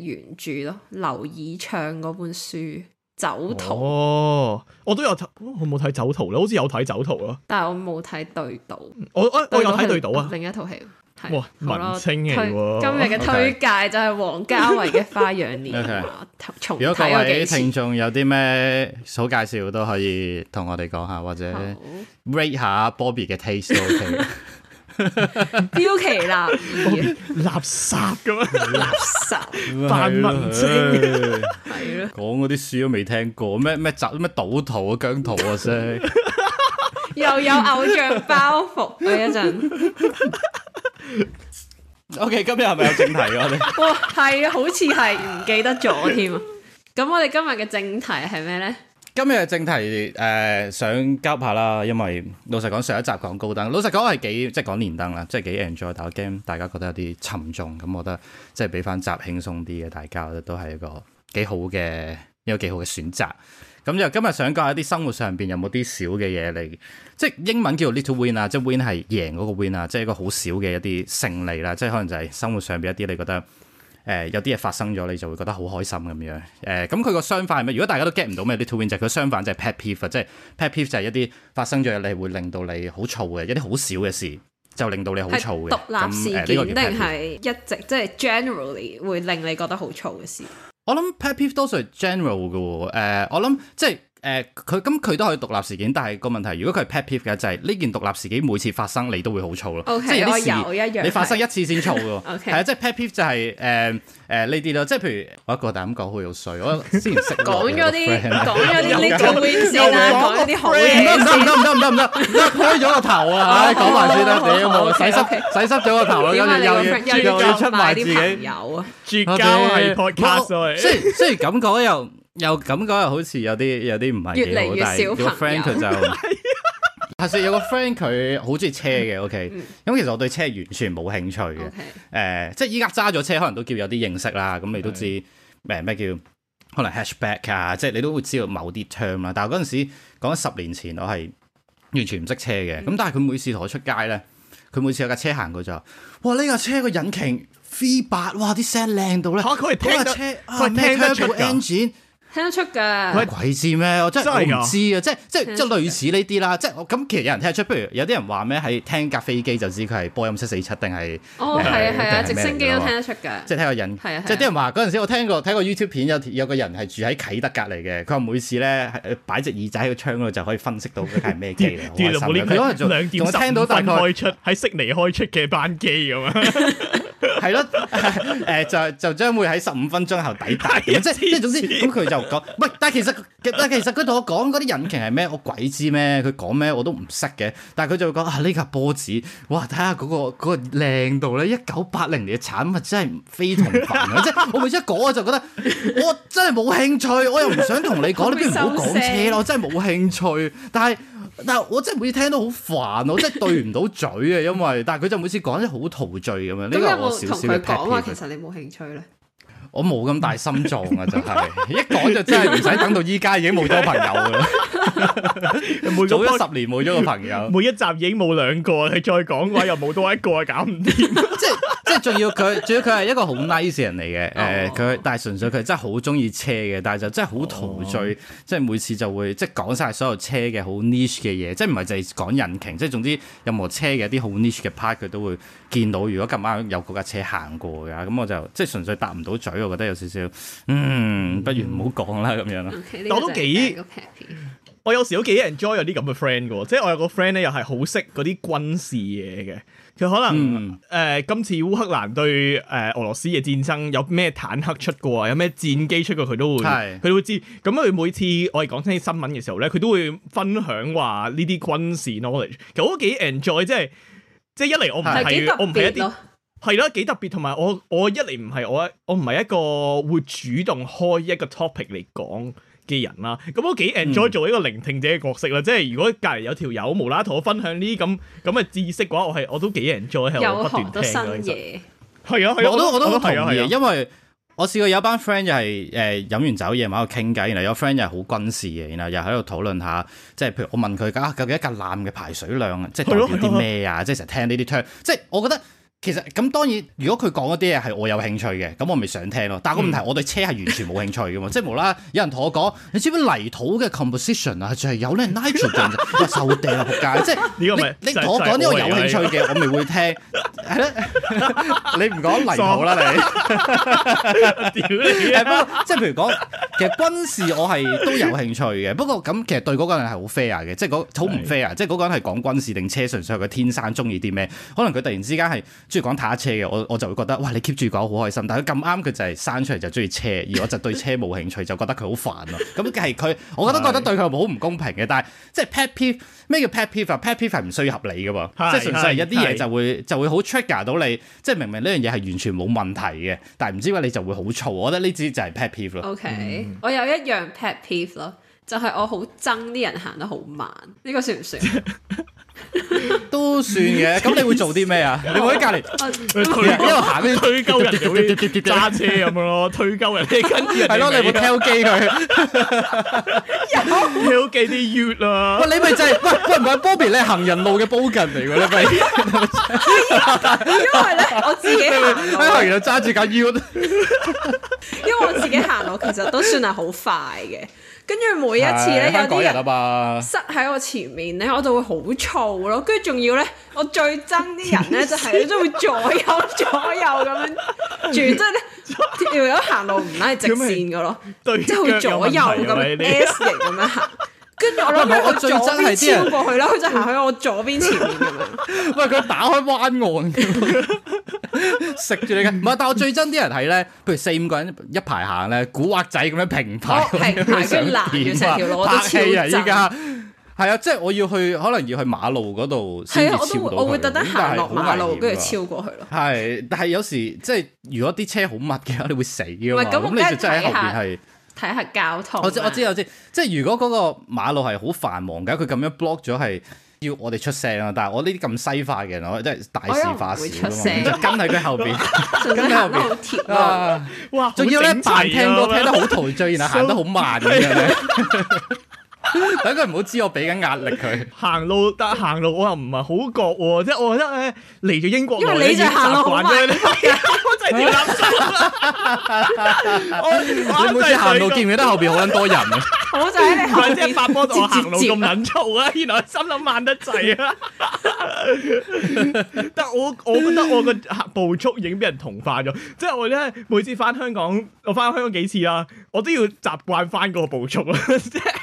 原著咯，劉以鬯嗰本書。酒徒？哦，我都有睇、哦，我冇睇酒徒，咯，好似有睇酒徒咯，但係我冇睇對倒、哎。我我我有睇對倒啊！另一套戲。哇，文青嘅、啊。今日嘅推介就係王家衛嘅《花樣年華》。重。如果各位聽眾有啲咩好介紹，都可以同我哋講下，或者 rate 下 Bobby 嘅 taste 都 OK。 標旗啦，垃圾咁啊，垃圾扮文青係講嗰啲書都未聽過，咩咩集咩賭徒啊，姜濤啊先，又有偶像包袱啊一陣。OK，今日係咪有正題啊？我哋 哇，啊，好似係唔記得咗添啊！咁 我哋今日嘅正題係咩咧？今日正題誒想、呃、交下啦，因為老實講上一集講高登，老實講係幾即係講連登啦，即係幾 enjoy，但係我驚大家覺得有啲沉重，咁我覺得即係俾翻集輕鬆啲嘅，大家覺得都係一個幾好嘅一個幾好嘅選擇。咁就今日想講一啲生活上邊有冇啲少嘅嘢嚟，即係英文叫做 little win 啊，即係 win 係贏嗰個 win 啊，即係一個好少嘅一啲勝利啦，即係可能就係生活上邊一啲你覺得。誒、呃、有啲嘢發生咗，你就會覺得好開心咁樣。誒咁佢個相反係咩？如果大家都 get 唔到咩？啲 two win 就係佢相反，就係 pet peeve，即係 pet peeve 就係一啲發生咗你會令到你好燥嘅一啲好少嘅事，就令到你好燥嘅。獨立事件定係、嗯呃這個、一直即係 generally 會令你覺得好燥嘅事。我諗 pet peeve 多數係 general 嘅喎。我、呃、諗即係。誒，佢咁佢都可以獨立事件，但係個問題，如果佢係 pet peeve 嘅，就係呢件獨立事件每次發生你都會好燥咯。OK，即係有啲事，你發生一次先燥喎。OK，係啊，即係 pet peeve 就係誒誒呢啲咯。即係譬如我一個蛋咁講好有水，我之前識講咗啲講咗啲呢個 win 講咗啲好嘢。唔得唔得唔得唔得唔得，開咗個頭啊！講埋先啦。你冇洗濕洗濕咗個頭，跟住又要出埋自己。有啊，我哋係 podcast，雖然感覺又。又咁講又好似有啲有啲唔係幾好，越嚟越少朋友,朋友。話說 有個 friend 佢好中意車嘅，OK。咁 其實我對車完全冇興趣嘅。誒， 即係依家揸咗車，可能都叫有啲認識啦。咁你都知誒咩叫可能 hatchback 啊？即係你都會知道某啲 term 啦。但係嗰陣時講十年前，我係完全唔識車嘅。咁但係佢每次同我出街咧，佢每次有架車行過，佢就哇呢架、這個、車個引擎 V 八，哇啲聲靚到咧。佢聽架車，佢聽得出 engine。聽得出㗎，鬼知咩？我真係唔知啊！即係即係即係類似呢啲啦，即係咁其實有人聽得出。譬如有啲人話咩喺聽架飛機就知佢係波音七四七定係？哦，係啊係啊，直升機都聽得出㗎。即係聽個人，即係啲人話嗰陣時我聽過睇過 YouTube 片，有有個人係住喺啟德隔離嘅，佢話每次咧擺隻耳仔喺個窗嗰度就可以分析到佢係咩機嚟。兩，我聽到大概喺悉尼開出嘅班機咁啊！ 係咯，誒 就就將會喺十五分鐘後抵達嘅，的即即是係總之咁佢就講，喂但係其實但係其實佢同我講嗰啲引擎係咩，我鬼知咩，佢講咩我都唔識嘅，但係佢就會講啊呢架、這個、波子，哇睇下嗰個嗰、那個靚度咧， 一九八零年嘅產物啊真係非同凡響，即係我咪一講我就覺得我真係冇興趣，我又唔想同你講， 你不如唔好講車咯， 我真係冇興趣，但係。但係我真係每次聽到好煩， 我真係對唔到嘴啊。因為但係佢就每次講得好陶醉咁樣，呢個 我少少嘅 pet peeve 同佢講話其實你冇興趣咧？我冇咁大心臟啊！就係、是、 一講就真係唔使等到依家已經冇咗朋友啦，早咗 個十年冇咗個朋友。每一集已經冇兩個，你再講嘅話又冇多一個，搞唔掂。即係即係仲要佢，仲要佢係一個好 nice 人嚟嘅。誒、oh.，佢但係純粹佢真係好中意車嘅，但係就真係好陶醉。Oh. 即係每次就會即係講晒所有車嘅好 niche 嘅嘢，即係唔係淨係講引擎，即係總之任何車嘅一啲好 niche 嘅 part 佢都會。見到如果今晚有嗰架車行過嘅，咁我就即係純粹搭唔到嘴，我覺得有少少，嗯，不如唔好講啦咁樣咯。但我都幾， 我有時都幾 enjoy 有啲咁嘅 friend 噶喎，即係我有個 friend 咧，又係好識嗰啲軍事嘢嘅。佢可能誒、嗯呃，今次烏克蘭對誒、呃、俄羅斯嘅戰爭有咩坦克出過啊？有咩戰機出過？佢都會，佢是都會知。咁佢每次我哋講親啲新聞嘅時候咧，佢都會分享話呢啲軍事 knowledge。其實我都幾 enjoy，即係。即係一嚟，我唔係我唔係一啲係咯，幾特別，同埋我我一嚟唔係我我唔係一個會主動開一個 topic 嚟講嘅人啦。咁我幾 enjoy 做一個聆聽者嘅角色啦。嗯、即係如果隔籬有條友無啦啦同我分享呢啲咁咁嘅知識嘅話，我係我都幾 enjoy 喺度不斷聽嘅。又學到新嘢，係啊係啊，啊，我都我都我都同意啊，啊因為。我試過有班 friend 又係誒飲完酒夜晚喺度傾偈，然後有個 friend 又係好軍事嘅，然後又喺度討論下，即係譬如我問佢啊，究竟一格艦嘅排水量即係代表啲咩啊？ 即係成日聽呢啲 turn，即係我覺得。其實咁當然，如果佢講嗰啲嘢係我有興趣嘅，咁我咪想聽咯。但係個問題，我對車係完全冇興趣嘅嘛，即係無啦，有人同我講，你知唔知泥土嘅 composition 啊，就係有呢 nitrogen，就掉仆街。即係你同我講呢個有興趣嘅，我咪會聽。你唔講泥土啦你。屌，即係譬如講，其實軍事我係都有興趣嘅。不過咁其實對嗰個人係好 fair 嘅，即係好唔 fair，即係嗰個人係講軍事定車，純粹係佢天生中意啲咩？可能佢突然之間係。中意講坦克車嘅，我我就會覺得，哇你 keep 住講好開心，但佢咁啱佢就係生出嚟就中意車，而我就對車冇興趣， 就覺得佢好煩咯。咁係佢，我覺得覺得對佢好唔公平嘅。但係即係 pet peeve，咩叫 pet peeve 啊？pet peeve 係唔需要合理嘅喎， 即係純粹係一啲嘢就會就會好 trigger 到你。即係明明呢樣嘢係完全冇問題嘅，但係唔知點解你就會好嘈。我覺得呢啲就係 pet peeve 咯。OK，嗯、我有一樣 pet peeve 咯。就係我好憎啲人行得好慢，呢、呢個算唔算？都算嘅。咁你會做啲咩 啊？你會喺隔籬？我喺度行，呢推鳩人揸車咁樣咯，推鳩人。你跟住係咯，你冇挑機佢。挑機啲腰啦。喂、 就係，Bobby，你咪就係喂喂唔係 Bobby 你行人路嘅 Bogan 嚟嘅你咪。 因為咧，我自己喺度揸住架腰。 哎、 因為我自己行路其實都算係好快嘅。跟住每一次咧有啲人塞喺我前面咧，我就會好燥咯。跟住仲要咧，我最憎啲人咧就係佢都會左右左右咁樣轉，即係咧條友行路唔拉直線噶咯，即係會左右咁 S 型咁樣行。跟住我我最憎係超過去啦，佢就行喺我左邊前面咁樣。喂，佢打開彎岸 食住 你嘅，唔係， 但我最憎啲人睇咧，譬如四五個人一排行咧，古惑仔咁樣平排，係排住欄，排成條路，我都超啊。依家，係 啊，即係我要去，可能要去馬路嗰度，係我都我會特登行落馬路，跟住超過去咯。係，但係有時即係如果啲車好密嘅話，我你會死嘅。唔係咁，我喺家睇下，睇下交通、啊。我知我知我知，即係如果嗰個馬路係好繁忙嘅，佢咁樣 block 咗係。要我哋出聲啊！但係我呢啲咁西化嘅人，我真係大事化小，哎、就跟喺佢後邊， 跟喺後邊。 啊、哇！仲要咧，扮聽歌都聽得好陶醉，然後行得好慢咁樣咧。 等佢唔好知我俾緊壓力佢行路，但行路我又唔係好覺，即係我覺得咧嚟咗英國，因為你仲行路好慢，我、就係、每次行路，、啊、行路見唔見得後邊好多人 真啊？八我就係即係發波就行路咁難措啊！接接接原來心諗慢得滯啊！ 但我我覺得我個步速已經俾人同化咗，即係我咧每次翻香港，我翻香港幾次啦，我都要習慣翻嗰個步速啦，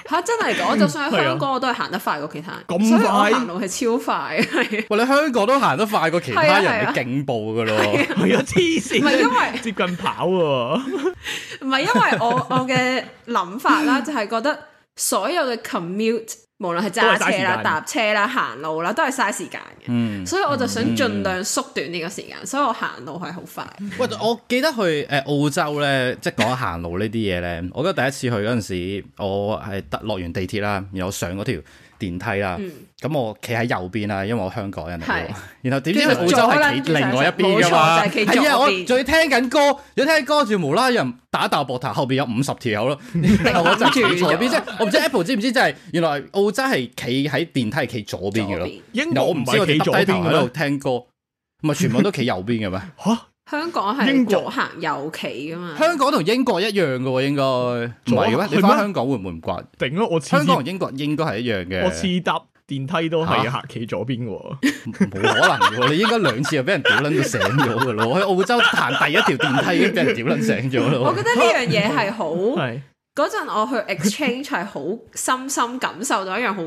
吓真係。我就算喺香港，我、啊、都係行得快過其他人，所以我行路係超快。喂， 你香港都行得快過其他人嘅警報噶咯？係咪黐線？唔係、啊、 因為接近跑，唔係 因為我 我嘅諗法啦，就係覺得所有嘅 commute。無論係揸車啦、搭車啦、行路啦，都係嘥時間嘅。嗯、所以我就想盡量縮短呢個時間，嗯、所以我行路係好快。嗯、喂，我記得去誒澳洲咧，即係講行路呢啲嘢咧。我覺得第一次去嗰陣時，我係落完地鐵啦，然後上嗰條。電梯啦，咁、嗯、我企喺右邊啦，因為我香港人嚟嘅。是然後點知澳洲係企另外一邊噶嘛？係啊，我仲要聽緊歌，要聽歌，住無啦啦打打膊頭，後，面有後邊有五十條友咯。我企咗邊即我唔知 Apple 知唔知就係原來澳洲係企喺電梯企左邊嘅咯。英國唔係企左邊嘅，聽歌咪邊全部都企右邊嘅咩？嚇！ 香港係左行右企噶嘛？香港同英國一樣噶喎，應該唔係嘅咩？你翻香港會唔會唔慣？定咯！我次次香港同英國應該係一樣嘅。我次搭電梯都係行企左邊喎，冇、啊、 可能喎！ 你應該兩次就俾人屌撚到醒咗嘅咯。我喺 澳洲行第一條電梯已經俾人屌撚醒咗咯。 我覺得呢樣嘢係好，嗰陣 我去 exchange 係好深深感受到一樣好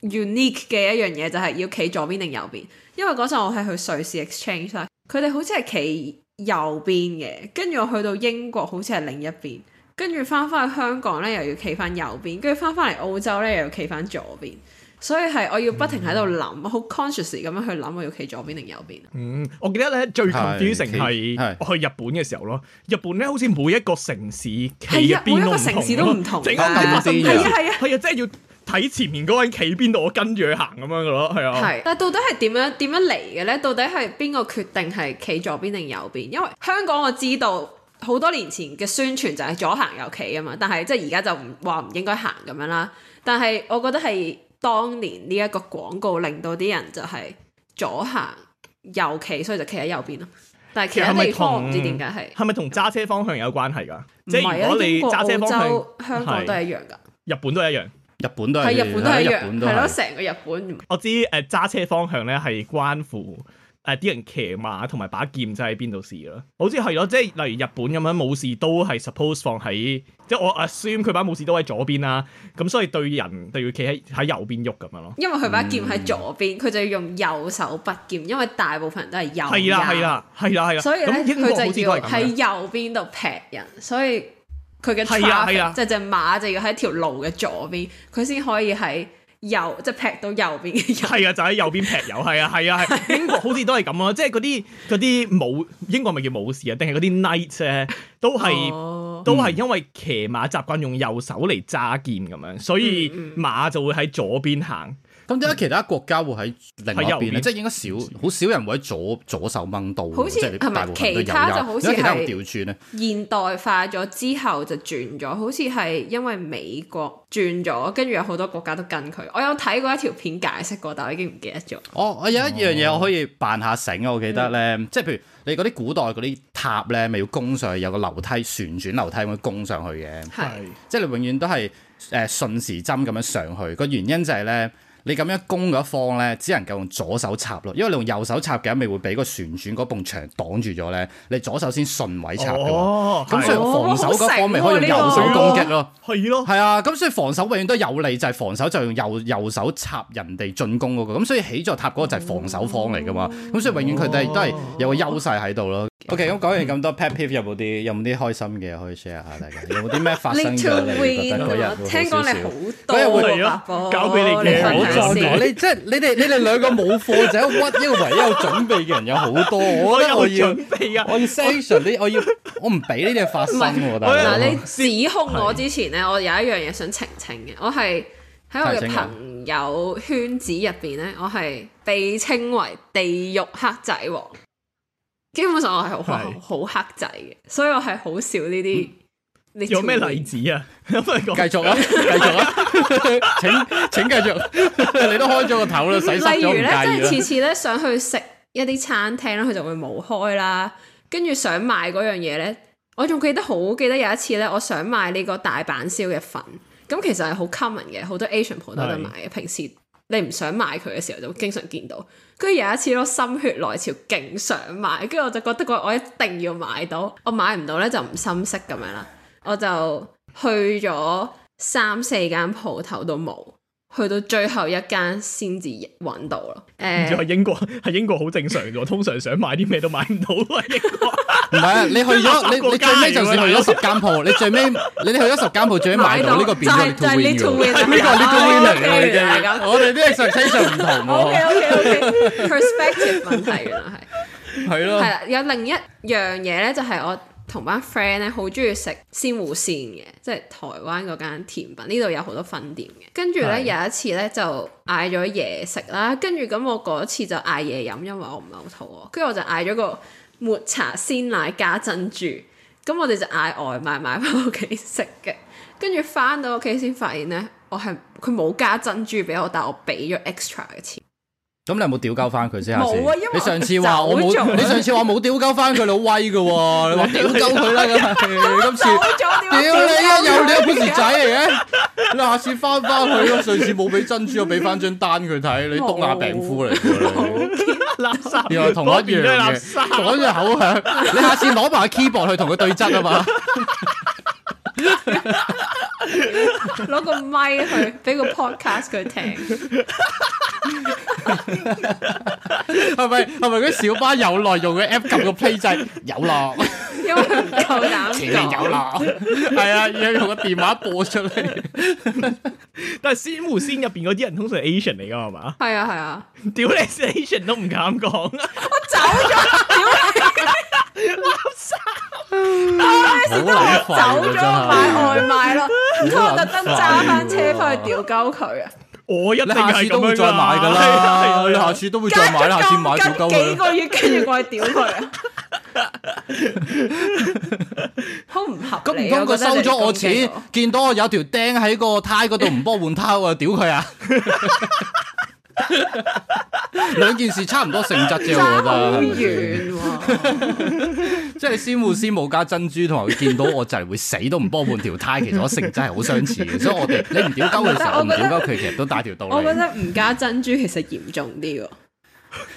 unique 嘅一樣嘢，就係、是、要企左邊定右邊，因為嗰陣我係去瑞士 exchange，佢哋好似係企。右邊嘅，跟住我去到英國好似係另一邊，跟住翻返去香港咧又要企翻右邊，跟住翻返嚟澳洲咧又要企翻左邊，所以係我要不停喺度諗，好、嗯、conscious 咁樣去諗我要企左邊定右邊，嗯，我記得咧最 confusing 係我去日本嘅時候咯，日本咧好似每一個城市企嘅邊都唔同，整、啊、個城市信仰係啊，係啊，真係、啊啊即係、要。睇前面嗰位企邊度，我跟住佢行咁樣噶咯，係啊。係，但到底係點樣點樣嚟嘅咧？到底係邊個決定係企左邊定右邊？因為香港我知道好多年前嘅宣傳就係左行右企啊嘛，但係即係而家就唔話唔應該行咁樣啦。但係我覺得係當年呢一個廣告令到啲人就係左行右企，所以就企喺右邊咯。但係其他地方，同唔知點解係？係咪同揸車方向有關係噶？係係啊、即係我哋，如果你揸車方向，香港都係一樣噶，日本都係一樣。日本都係，日本都係一樣，係咯對，成對個日本。我知誒揸、呃、車方向咧係關乎誒啲、呃、人騎馬同埋把劍即喺邊度試咯？好似係咯，即係例如日本咁樣，武士刀係 suppose 放喺即係我 assume 佢把武士刀喺左邊啦，咁所以對人就要企喺喺右邊喐咁樣咯。因為佢把劍喺左邊，佢、嗯、就要用右手拔劍，因為大部分人都係右手。係啦，係啦，係啦，係啦。所以咧，英國好似喺右邊度劈人，所以。佢嘅差，即係隻馬就要喺條路嘅左邊，佢先可以喺右，即係劈到右邊嘅人。係啊，就喺右邊劈右，係啊，係啊，係、啊。 英國好似都係咁啊。即係嗰啲嗰啲武，英國咪叫武士啊，定係嗰啲 knight 啊？都係、哦。都係因為騎馬習慣用右手嚟揸劍咁樣，所以馬就會喺左邊行。咁點解其他國家會喺另外一邊，右邊咧？即係應該少好少人會喺左左手掹刀，即係像大部分都右。點解好其他會調轉咧？現代化咗之後就轉咗，好似係因為美國。轉咗，跟住有好多國家都跟佢。我有睇過一條片解釋過，但我已經唔記得咗。哦，我有一樣嘢我可以扮下醒、哦、我記得咧，嗯、即係譬如你嗰啲古代嗰啲塔咧，咪要攻上去，有個樓梯旋轉樓梯咁樣攻上去嘅，是即係你永遠都係誒、呃、順時針咁樣上去。個原因就係咧。你咁樣攻嗰一方咧，只能夠用左手插咯，因為你用右手插嘅，咪會俾個旋轉嗰埲牆擋住咗咧。你左手先順位插嘅，咁、哦啊啊、所以防守嗰方咪可以用右手攻擊咯。係咯，係啊，咁、啊嗯、所以防守永遠都有利就係、是、防守就用右右手插人哋進攻嗰個，咁所以起座塔嗰個就係防守方嚟噶嘛。咁所以永遠佢哋都係有個優勢喺度咯。OK，咁講完咁多，Pet Peeve 有冇啲有冇啲開心嘅可以 share 下？大家有冇啲咩發生嘅？覺得嗰日聽講你好多，嗰日會爆發，交俾你嘅。好，話你即係你哋，你哋兩個冇課就喺屈，呢個唯一有準備嘅人有好多。我準備我要 session 我要我唔俾呢啲發生。嗱，你指控我之前咧，我有一樣嘢想澄清嘅，我係喺我嘅朋友圈子入邊咧，我係被稱為地獄黑仔王。基本上我係好黑仔嘅，是所以我係好少呢啲。你、嗯、些有咩例子啊？咁 繼續啊，繼續啊， 請請繼續。 你都開咗個頭啦，洗濕咗，例如呢，即係次次呢，想去食一啲餐廳呢，佢就會冇開啦。跟住想買嗰樣嘢呢，我仲記得好記得有一次呢，我想買呢個大阪燒嘅粉，咁其實係好 common 嘅，好多 Asian 鋪都得買嘅，的平時。你唔想買佢嘅時候，就經常見到。跟住有一次咯，心血來潮，勁想買。跟住我就覺得，我我一定要買到。我買唔到呢就唔深息咁樣啦。我就去咗三四間鋪頭都冇。去到最後一間先至搵到咯，誒，唔知喺英國喺英國好正常嘅，通常想買啲咩都買唔到。英國唔係，你去咗你你最尾就算去咗十間鋪，你最尾，你哋去咗十間鋪，最尾買到呢個變咗 winner 就係呢個呢個嚟嘅，我哋啲 situation 唔同。OK OK OK perspective 問題原來係係咯，係啦，有另一樣嘢咧，就係我。同班 friend 咧好中意食鮮芋仙嘅，即係台灣嗰間甜品，呢度有好多分店嘅。跟住咧有一次咧就嗌咗嘢食啦，跟住咁我嗰次就嗌嘢飲，因為我唔係好肚餓，跟住我就嗌咗個抹茶鮮奶加珍珠。咁我哋就嗌外賣買翻屋企食嘅，跟住翻到屋企先發現咧，我係佢冇加珍珠俾我，但係我俾咗 extra 嘅錢。咁你有冇屌鳩翻佢先下先？你上次話我冇，你上次話冇屌鳩翻佢老威嘅喎，你話屌鳩佢啦咁。今次屌你，又你有本事仔嚟嘅。你下次翻翻去，咯，上次冇俾珍珠，我俾翻張單佢睇，你東亞病夫嚟嘅。垃圾，又係同一樣嘅，講住口響，你下次攞埋個 keyboard 去同佢對質啊嘛。攞個咪，咪去俾個 podcast 佢聽，係咪係咪嗰啲小巴有內容嘅 app 撳個 play 制有啦， 因為佢唔夠膽，有啦，係 啊，要用個電話播出嚟。 但係仙湖仙入邊嗰啲人通常係 Asian 嚟噶係嘛？係啊係啊，屌你，Asian 都唔敢講， 我走咗了。屌！ 垃圾！我開始都走咗買外賣咯，唔通我特登揸翻車翻去屌鳩佢啊！我一定係咁噶啦，你下次都會再買啦，下次買屌鳩佢。幾個月跟住過去屌佢啊，好唔合理啊！咁唔通佢收咗我錢，見到我有條釘喺個胎嗰度唔幫我換胎啊，我就屌佢啊！兩件事差唔多性質啫，我覺得。好遠。就是、 即係先互先冇加珍珠，同埋佢見到我就係會死都唔幫半條胎，其實我性質係好相似嘅。所以我哋你唔屌鳩嘅時候，唔屌鳩佢，其實都帶條道理。我覺得唔加珍珠其實嚴重啲，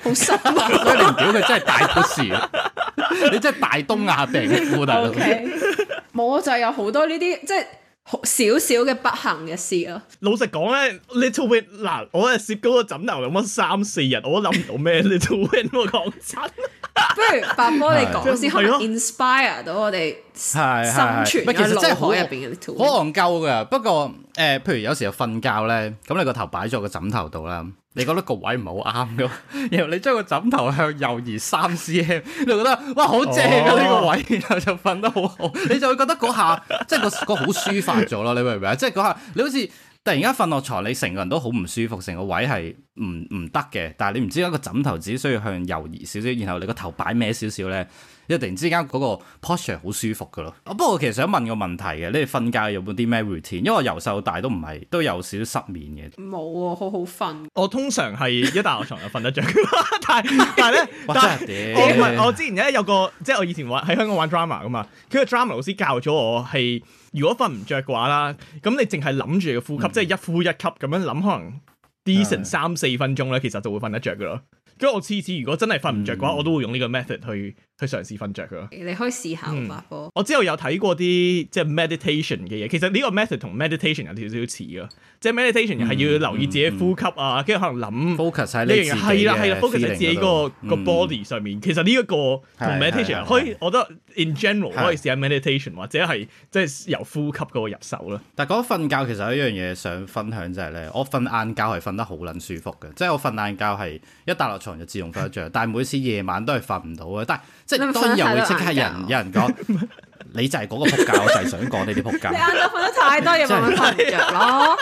好失格。 所以你唔屌佢真係大好事，你真係大東亞病夫嚟到。冇 Okay.，就係有好多呢啲即係。少少嘅不幸嘅事咯。老實講咧，little win 嗱，我係攝高嗰個枕頭咁樣三四日，我都諗唔到咩 little win 我講真。 不如白哥你講先，的可可以 inspire 到我哋生存喺腦海入邊嗰啲圖，好憨鳩噶不過誒、呃，譬如，有時候瞓覺咧，咁你個頭擺咗個枕頭度啦，你覺得個位唔好啱嘅。 然後你將個枕頭向右移三 cm，你又覺得哇好正啊呢個位，然後就瞓得好好，你就會覺得嗰下即係、 嗰個、嗰個好抒發咗咯，你明唔明啊？即係嗰下你好似。突然間瞓落床，你成個人都好唔舒服，成個位係唔唔得嘅。但係你唔知一個枕頭只需要向右移少少，然後你個頭擺歪少少咧，一突然之間嗰個 posture 好舒服噶咯。不過其實想問個問題嘅，你哋瞓覺有冇啲咩 routine？因為我由細到大都唔係都有少少失眠嘅。冇、哦，好好瞓。我通常係一大臥床就瞓得着 但，但係但係咧，我之前咧有個即係我以前喺香港玩 drama 噶嘛，佢個 drama 老師教咗我係。如果瞓唔著嘅話啦，咁你淨係諗住個呼吸，嗯、即係一呼一吸咁樣諗，可能啲成三四分鐘咧，其實就會瞓得着嘅咯。跟住的我次次如果真係瞓唔著嘅話，嗯、我都會用呢個 method 去。去嘗試瞓着嘅，你可以試下發波。我之後有睇過啲即係 meditation 嘅嘢，其實呢個 method 同 meditation 有少少似嘅，即係 meditation 係要留意自己呼吸啊，跟住可能諗 focus 喺呢樣嘢，係啦係啦，focus 喺自己個個 body 上面。其實呢一個同 meditation，可以我覺得 in general 可以試下 meditation，或者係即係由呼吸嗰個入手啦。但覺得瞓覺其實有一樣嘢想分享就係咧，我瞓晏覺係瞓得好撚舒服嘅，即係我瞓晏覺係一打落床就自動瞓得著，但係每次夜晚都係瞓唔到嘅，但係。即係當然又會即刻有人有人講，你就係嗰個撲街，我就係想講呢啲撲街。你晏晝瞓得太多，夜瞓瞓唔著咯。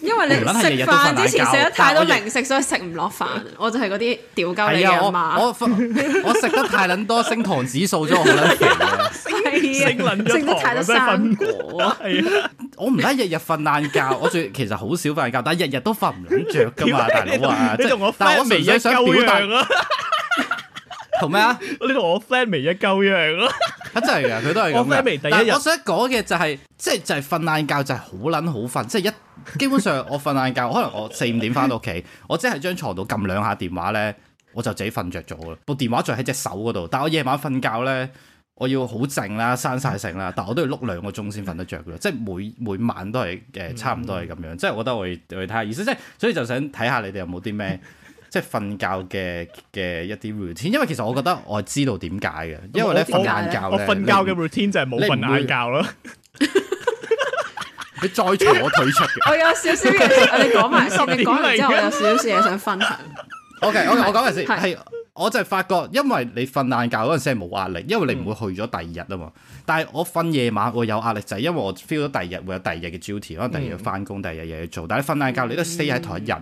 因為你食飯之前食得太多零食，所以食唔落飯。我就係嗰啲調教你啊嘛。我我食得太撚多升糖指數咗我係啊，升得太多生果。係我唔得日日瞓晏覺，我其實好少瞓晏覺，但係日日都瞓唔着噶嘛，大佬啊！但係我未嘢想表揚啊。同咩啊？你同我 friend 咪一鳩樣咯？真係噶，佢都係咁嘅。但係我想講嘅就係、是，即係就係瞓晏覺就係好撚好瞓，即係、就是、一基本上我瞓晏覺， 可能我四五點翻到屋企，我即係喺張床度撳兩下電話咧，我就自己瞓着咗啦。部電話仲喺隻手嗰度，但我夜晚瞓覺咧，我要好靜啦，閂晒城啦，但我都要碌兩個鐘先瞓得著嘅，即、就、係、是、每每晚都係誒、呃、差唔多係咁樣。即係、嗯、我覺得我去睇，會下意思，即係所以就想睇下你哋有冇啲咩。 即係瞓覺嘅嘅一啲 routine，因為其實我覺得我係知道點解嘅，因為咧瞓晏覺我瞓覺嘅 routine 就係冇瞓晏覺咯。你再嘈我退出嘅，我有少少嘢，你講埋你講完之後我有少少嘢想分享。OK，我我講件事係，我就係發覺，因為你瞓晏覺嗰陣時係冇壓力，因為你唔會去咗第二日啊嘛。但係我瞓夜晚我有壓力，就係因為我 feel 到第二日會有第二日嘅 duty，可能第二日要翻工，第二日嘢要做。但係瞓晏覺你都 stay 喺同一日。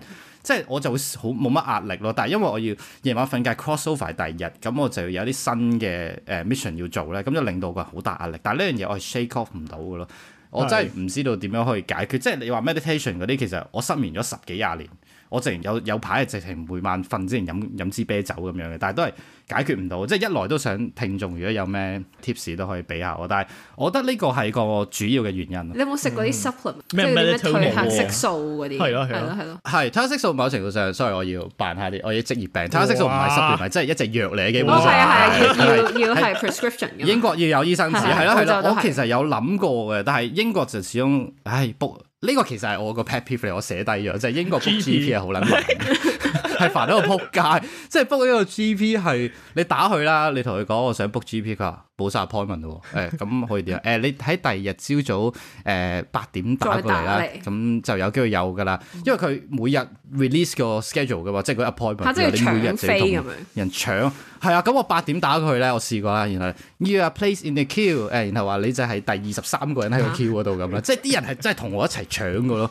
即係我就會好冇乜壓力咯，但係因為我要夜晚瞓覺 cross over 第二日，咁我就要有啲新嘅誒、uh, mission 要做咧，咁就令到我係好大壓力。但係呢樣嘢我係 shake off 唔到嘅咯，我真係唔知道點樣去解決。是即係你話 meditation 嗰啲，其實我失眠咗十幾廿年。我直情有有排，直情每晚瞓之前飲飲支啤酒咁樣嘅，但係都係解決唔到，即係一來都想聽眾如果有咩 tips 都可以俾下我。但係我覺得呢個係個主要嘅原因。你有冇食過啲 supplement，即係啲咩褪黑色素嗰啲？係咯係咯係咯。係褪黑素某程度上，所以我要扮下啲，我要職業病。褪黑素唔係 supplement，即係一隻藥嚟嘅。冇係啊係啊，要要係 prescription 嘅。英國要有醫生紙，係咯係咯。我其實有諗過嘅，但係英國就始終唉卜。呢個其實係我個 pet peeve 嚟，我寫低咗，就係英國 book GP 係好撚慢。係煩到個撲街，即係不過呢個 GP 係你打佢啦，你同佢講我想 book GP 㗎，補晒 appointment 喎。誒，咁可以點啊？誒，你喺第二日朝早誒八點打過嚟啦，咁就有機會有噶啦。因為佢每日 release 個 schedule 嘅喎，即係個 appointment，即係你每日就同人搶。係啊，咁我八點打過去咧，我試過啦。然後要 place in the queue，然後話你就係第二十三個人喺個 queue 度咁啦。即係啲人係真係同我一齊搶嘅咯。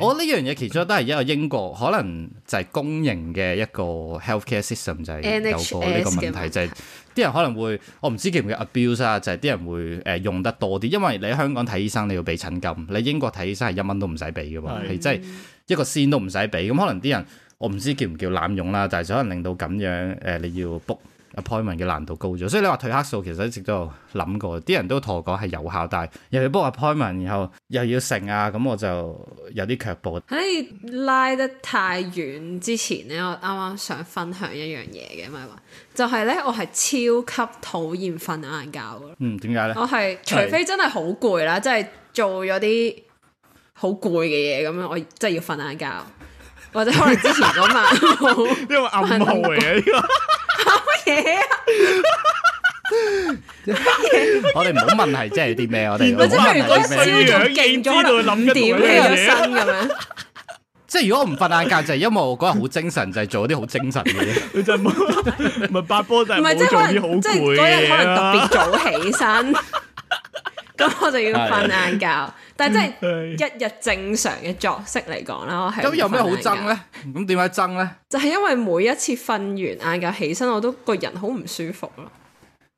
我呢樣嘢，其中都係一個英國可能就係公營嘅一個 healthcare system 就係、是、有過呢個問題，問題就係啲人可能會我唔知叫唔叫 abuse 啊？就係啲人會誒用得多啲，因為你喺香港睇醫生你要俾診金，你英國睇醫生係一蚊都唔使俾嘅嘛。係即係一個先都唔使俾，咁可能啲人我唔知叫唔叫濫用啦，就係、是、可能令到咁樣誒、呃、你要 book。阿 appointment 嘅難度高咗，所以你話褪黑素其實一直都諗過，啲人都同我講係有效，但係又要幫阿 appointment，然後又要成啊，咁我就有啲卻步。喺拉得太遠之前咧，我啱啱想分享一樣嘢嘅，咪話就係、是、咧，我係超級討厭瞓晏覺嘅。嗯，點解咧？我係是是除非真係好攰啦，即係做咗啲好攰嘅嘢咁樣，我即係要瞓晏覺，或者可能之前嗰晚，因 為暗號嚟嘅。 吓乜嘢啊？我哋唔好問係，即係啲咩？我哋唔係即係嗰衰樣，見咗諗點起身咁樣。 即係如果我唔瞓晏覺，就係因為我嗰日好精神，就係、係、做啲好精神嘅嘢。你真係唔係八波就，就係唔係即係好攰嗰日可能特別早起身，咁 我就要瞓晏覺。但真係一日正常嘅作息嚟講啦，我係咁有咩好憎咧？咁點解憎咧？就係因為每一次瞓完晏覺起身，我都個人好唔舒服咯。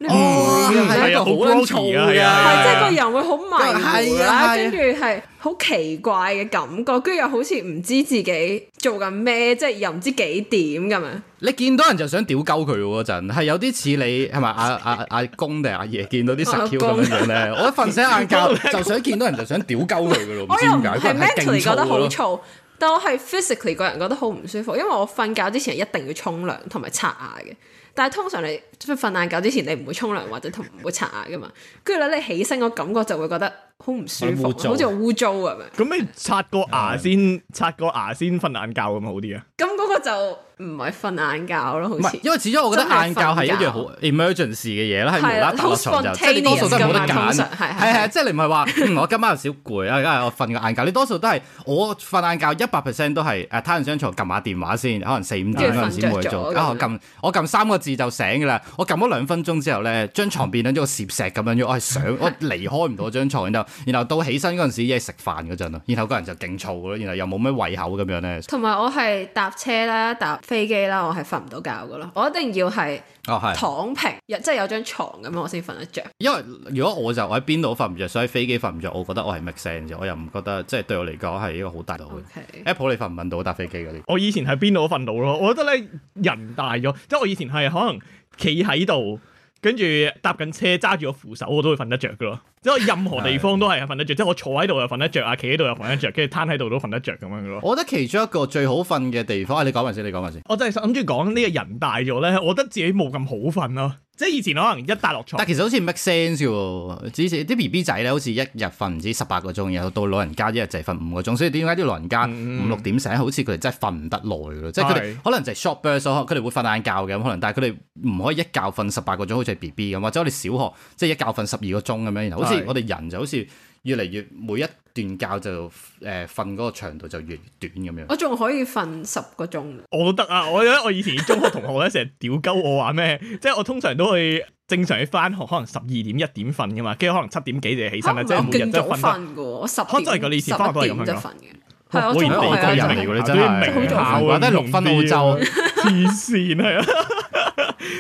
哦，係啊，好躁啊，係啊，即係個人會好迷，係啊，跟住係好奇怪嘅感覺，跟住又好似唔知自己做緊咩，即係又唔知幾點咁樣。你見到人就想屌鳩佢嗰陣，係有啲似你係咪阿阿阿公定阿爺見到啲神 Q 咁樣咧？我一瞓醒晏覺就想見到人就想屌鳩佢噶咯，唔知點解。係 mentally 覺得好躁，但我係 physically 個人覺得好唔舒服，因為我瞓覺之前係一定要沖涼同埋刷牙嘅。但係通常你瞓晏覺之前你唔會沖涼或者同唔會刷牙噶嘛，跟住咧你起身嗰感覺就會覺得，好唔舒服，好似污糟咁樣。咁你刷個牙先，刷個牙先瞓晏覺咁好啲啊？咁嗰個就唔係瞓晏覺咯，好似。因為始終我覺得晏覺係一樣好 emergency 嘅嘢啦，係無啦啦打個牀就，即係啲因冇得揀。係係即係你唔係話，我今晚有少攰啊，而家我瞓個晏覺。你多數都係我瞓晏覺，一百 percent 都係誒攤喺張床，撳下電話先，可能四五點嗰陣時冇嘢做。而家我撳，我撳三個字就醒噶啦。我撳咗兩分鐘之後咧，張牀變咗一個攝石咁樣，我係想我離開唔到張牀就。然後到起身嗰陣時，依係食飯嗰陣咯，然後個人就勁燥咯，然後又冇咩胃口咁樣咧。同埋我係搭車啦、搭飛機啦，我係瞓唔到覺噶咯，我一定要係哦係躺平，哦、即係有張床咁樣我先瞓得着。因為如果我就我喺邊度都瞓唔着，所以飛機瞓唔着，我覺得我係 maxing 啫，我又唔覺得即係對我嚟講係一個好大道理 Okay. Apple 你瞓唔瞓到搭飛機嗰啲？我以前喺邊度都瞓到咯，我覺得咧人大咗，即係我以前係可能企喺度。跟住搭緊車，揸住個扶手，我都會瞓得着㗎咯。即係任何地方都係瞓得着。 即係我坐喺度又瞓得着，啊，企喺度又瞓得着，跟住攤喺度都瞓得着咁樣咯。我覺得其中一個最好瞓嘅地方，你講埋先，你講埋先。 我真係諗住講呢個人大咗咧，我覺得自己冇咁好瞓咯，啊。即以前可能一笪落床，但其實好似 make sense 喎。之前啲 B B 仔咧，好似一日瞓唔知十八個鐘，然後到老人家一日就係瞓五個鐘。所以點解啲老人家五六點醒，嗯、好似佢哋真係瞓唔得耐咯？即係佢哋可能就係 short burst 咯，佢哋會瞓晏覺嘅咁可能，但係佢哋唔可以一覺瞓十八個鐘，好似 B B 咁，或者我哋小學即係、就是、一覺瞓十二個鐘咁樣。然後好似我哋人就好似越嚟越每一斷覺就誒瞓嗰個長度就越短咁樣，我仲可以瞓十個鐘，我都得啊！我我以前中學同學咧，成日屌鳩我，話咩，即係我通常都會正常去翻學，可能十二點一點瞓噶嘛，跟住可能七點幾就起身啦，即係每日都瞓翻嘅，十點十點就瞓嘅，係我中學係咁樣。我覺得六分澳洲黐線係啊！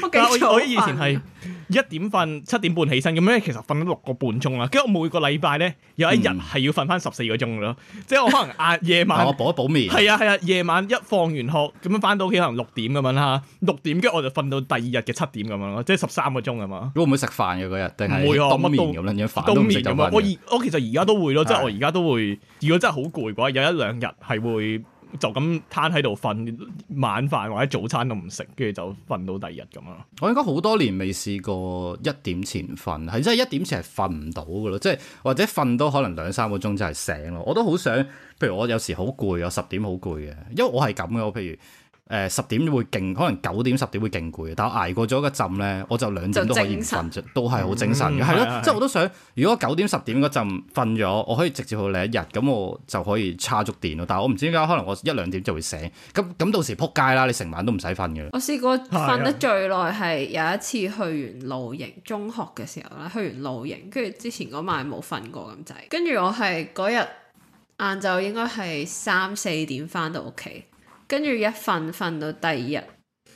我記得我以前係。一點瞓七點半起身咁樣，其實瞓咗六個半鐘啦。跟住我每個禮拜咧有一日係要瞓翻十四個鐘咯，嗯、即係我可能晏 夜晚我補一補眠。係啊係啊，夜、啊、晚一放完學咁樣翻到屋企可能六點咁樣啦，六點跟住我就瞓到第二日嘅七點咁樣咯，即係十三個鐘咁樣。如果唔會食飯嘅嗰日定係冬眠會、啊、冬眠咁啊！冬眠 我而我其實而家都會咯，即係的我而家都會。如果真係好攰嘅話，有一兩日係會。就咁攤喺度瞓，晚飯或者早餐都唔食，跟住就瞓到第二日咁樣咯。我應該好多年未試過一點前瞓，係真係一點前係瞓唔到嘅咯，即係或者瞓多可能兩三個鐘就係醒咯。我都好想，譬如我有時好攰，我十點好攰嘅，因為我係咁嘅我譬如。誒十點會勁，可能九點十點會勁攰。但我捱過咗個陣咧，我就兩點都可以唔瞓，都係好精神嘅。係咯，即係我都想，如果九點十點嗰陣瞓咗，我可以直接去另一日，咁我就可以叉足電咯。但係我唔知點解，可能我一兩點就會醒。咁咁到時撲街啦！你成晚都唔使瞓嘅。我試過瞓得最耐係有一次去完露營，中學嘅時候啦，去完露營，跟住之前嗰晚冇瞓過咁滯。跟住我係嗰日晏晝應該係三四點返到屋企。跟住一瞓瞓到第二日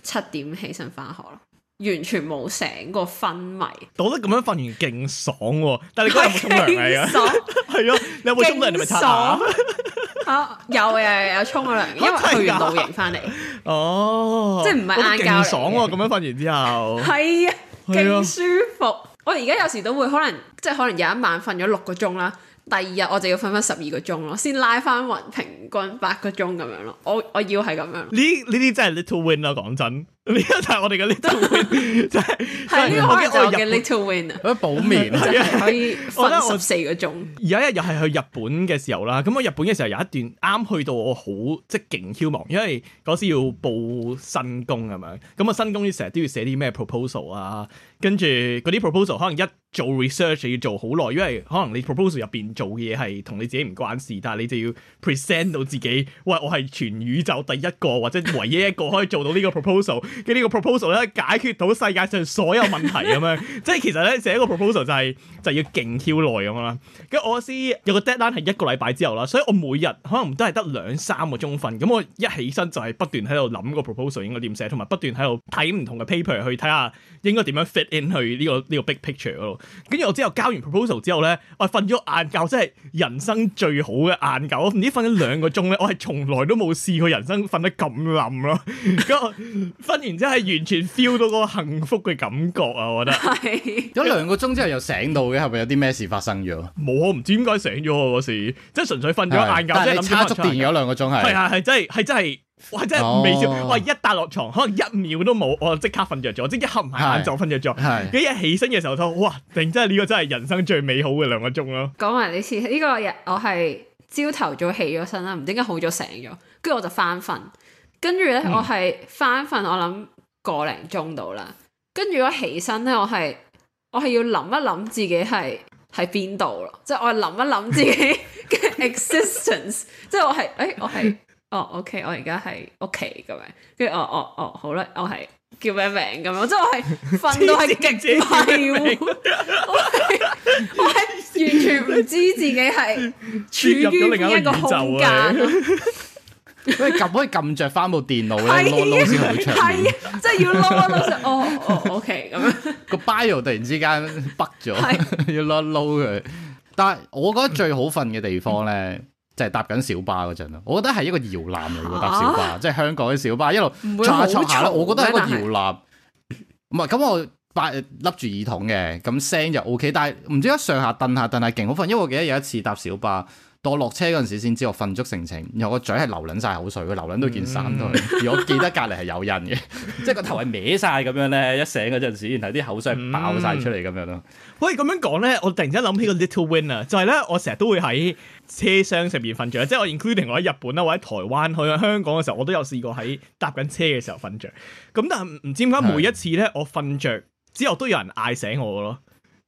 七點起身翻學咯，完全冇醒過昏迷，我覺得咁樣瞓完勁爽喎、啊，但係你嗰日有冇沖涼？係啊，爽！係咯，你有冇沖涼？你咪擦爽！ 啊有啊有沖過涼， 因為去完露營翻嚟。 哦，即係唔係晏覺、啊？勁爽喎，咁樣瞓完之後。係 啊，勁舒服。 我而家有時都會可能，即係可能有一晚瞓咗六個鐘啦。第二日我就要瞓翻十二個鐘咯，先拉翻回平均八個鐘咁樣咯。我我要係咁樣。呢呢啲真係 little win 咯，講真。呢一集我哋嘅 Little Win，即係喺呢個就係我嘅 Little Win 啊！好補眠，啊，係可以瞓十四個鐘。而家一日又係去日本嘅時候啦，咁我日本嘅時候有一段啱去到我好即係勁囂忙，因為嗰時要報新工咁樣，咁啊新工要成日都要寫啲咩 proposal 啊，跟住嗰啲 proposal 可能一做 research 要做好耐，因為可能你 proposal 入邊做嘅嘢係同你自己唔關事，但係你就要 present 到自己，喂我係全宇宙第一個或者唯一一個可以做到呢個 proposal。 嘅呢個 proposal 咧，解決到世界上所有問題咁樣，即係其實咧寫一個 proposal 就係、是、就是、要勁超耐咁啦。跟住我先有個 deadline 係一個禮拜之後啦，所以我每日可能都係得兩三個鐘瞓。咁我一起身就係不斷喺度諗個 proposal 應該點寫，斷同埋不斷喺度睇唔同嘅 paper 去睇下應該點樣 fit in 去呢、這個呢、這個 big picture 嗰度。跟住我之後交完 proposal 之後咧，我瞓咗晏覺，即係人生最好嘅晏覺。我唔知瞓咗兩個鐘咧， 我係從來都冇試過人生瞓得咁冧咯。跟住我瞓。然之後係完全 feel 到嗰個幸福嘅感覺啊！我覺得 為有兩個鐘之後又醒到嘅，係咪有啲咩事發生咗？冇，我唔知點解醒咗我嗰時，即係純粹瞓咗晏覺，即係諗住插足電咗兩個鐘係。係真係係真係哇！真係微笑哇！一跌落床，可能一秒都冇，我即刻瞓着咗，即係一合唔埋眼就瞓着咗。跟一起身嘅時候都哇！定真係呢個真係人生最美好嘅兩個鐘咯、啊。講埋呢次呢、呢個日我係朝頭早起咗身啦，唔知點解好咗醒咗，跟住我就翻瞓。跟住咧、嗯，我係翻瞓，我諗個零鐘到啦。跟住我起身咧，我係我係要諗一諗自己係喺邊度咯。即係、就是、我係諗一諗自己嘅 existence。 即係我係誒，我係哦，OK，我而家喺屋企咁樣。跟住我，我、哦哦，我好啦，我係叫咩名咁樣。即係我係瞓到係極迷糊 我係我係完全唔知自己係處於呢一個空間。了 佢撳可以撳着翻部電腦咧，撈先好長。係啊，即係要撈啊，老師哦哦，OK 咁樣。個 bio 突然之間北咗，要撈撈佢。但係我覺得最好瞓嘅地方咧，就係搭緊小巴嗰陣咯。我覺得係一個搖籃嚟嘅，搭小巴，即係香港啲小巴一路坐下坐下咧，我覺得係一個搖籃。唔係咁我擺笠住耳筒嘅，咁聲就 OK。但係唔知得上下蹬下凳係勁好瞓，因為我記得有一次搭小巴。我落車嗰陣時先知我瞓足成程，然後我嘴係流撚晒口水，佢流撚到件衫都係。而我、嗯、記得隔離係有印嘅， 即係個頭係歪晒咁樣咧，一醒嗰陣時，然後啲口水爆晒出嚟咁、嗯、樣咯。喂，咁樣講咧，我突然之間諗起個 Little Winner，就係咧，我成日都會喺車廂上面瞓着，即係我 Including 我喺日本啦，或者台灣去香港嘅時候，我都有試過喺搭緊車嘅時候瞓着。咁但係唔知點解每一次咧，我瞓着之後都有人嗌醒我嘅咯。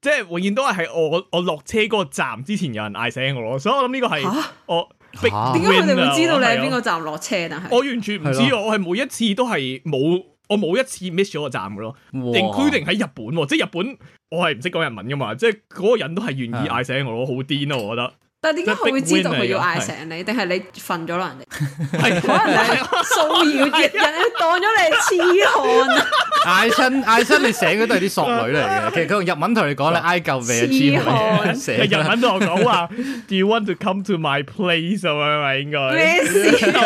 即係永遠都係喺我我落車嗰個站之前有人嗌醒我咯，所以我諗呢個係我點解佢哋會知道你喺邊個站落車？但係、啊啊、我完全唔知，啊、我係每一次都係冇我冇一次 miss 咗個站嘅咯，哇定佢定喺日本，即係日本我係唔識講日文噶嘛，即係嗰人都係願意嗌醒我，好癲咯，我覺得、啊。但係點解佢會知道佢要嗌醒你？定係你瞓咗啦？人哋可能係騷擾嘅人，係當咗你痴漢啊！嗌親，嗌親，你寫嗰對係啲索女嚟嘅。其實佢用日文同你講咧，挨夠咩痴漢？寫日文同我講話，Do you want to come to my place 啊嘛？應該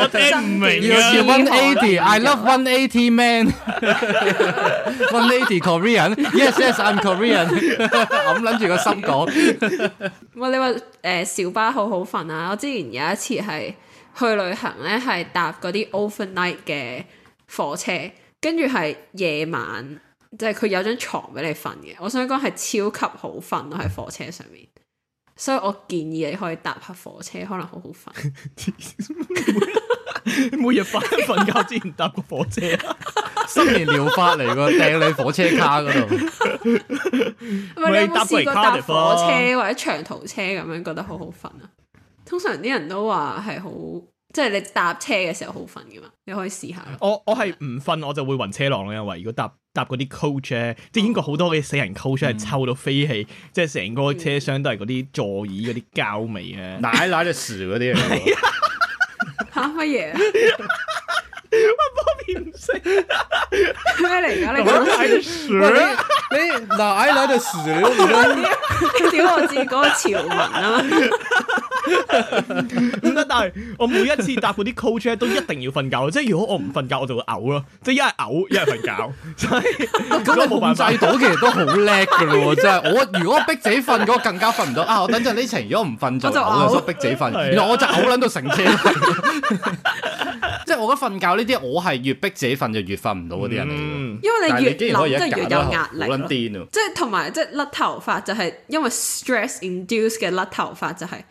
我聽唔明啊！One eighty，I love one eighty man，one eighty Korean。Yes，yes，I'm Korean。我諗諗住個心講，我你話誒。小巴好好瞓啊！我之前有一次係去旅行咧，係搭嗰啲 overnight 嘅火車，跟住係夜晚，即係佢有張床俾你瞓嘅。我想講係超級好瞓咯，喺火車上面。所以我建議你可以搭下火車，可能好好瞓。 每日瞓，瞓覺之前搭個火車，深夜療法嚟嘅喎，掟 你火車卡嗰度。咪 你有，有試過搭火車或者長途車咁樣覺得好好瞓啊？通常啲人都話係好，即係你搭車嘅時候好瞓噶嘛，你可以試下咯。我我係唔瞓，我就會暈車浪咯，因為如果搭。搭嗰啲 coach 咧，即係英國好多嘅死人 coach 係臭到飛起，嗯、即係成個車廂都係嗰啲座椅嗰啲膠味啊！奶奶就屎嗰啲？嚇乜嘢？乜波片唔識咩嚟噶？你 你， 你奶奶就屎？ 你屌我知嗰個潮文啊嘛！ 唔得， 但係我每一次搭嗰啲 coach 咧，都一定要瞓覺。即係如果我唔瞓覺，我就會嘔咯。即係一係嘔，一係瞓覺。咁你冇辦法 制到，其實都好叻噶啦，即係。我如果逼自己瞓，我更加瞓唔到。啊，我等陣呢程如果唔瞓就我就，呃、就會逼自己瞓。原來我就嘔、呃、捻 到成車。即係我覺得瞓覺呢啲，我係越逼自己瞓就越瞓唔到嗰啲人。因為你越諗就越有壓力。即係同埋，即係甩頭髮就係、是、因為 stress induced 嘅甩頭髮就係、是。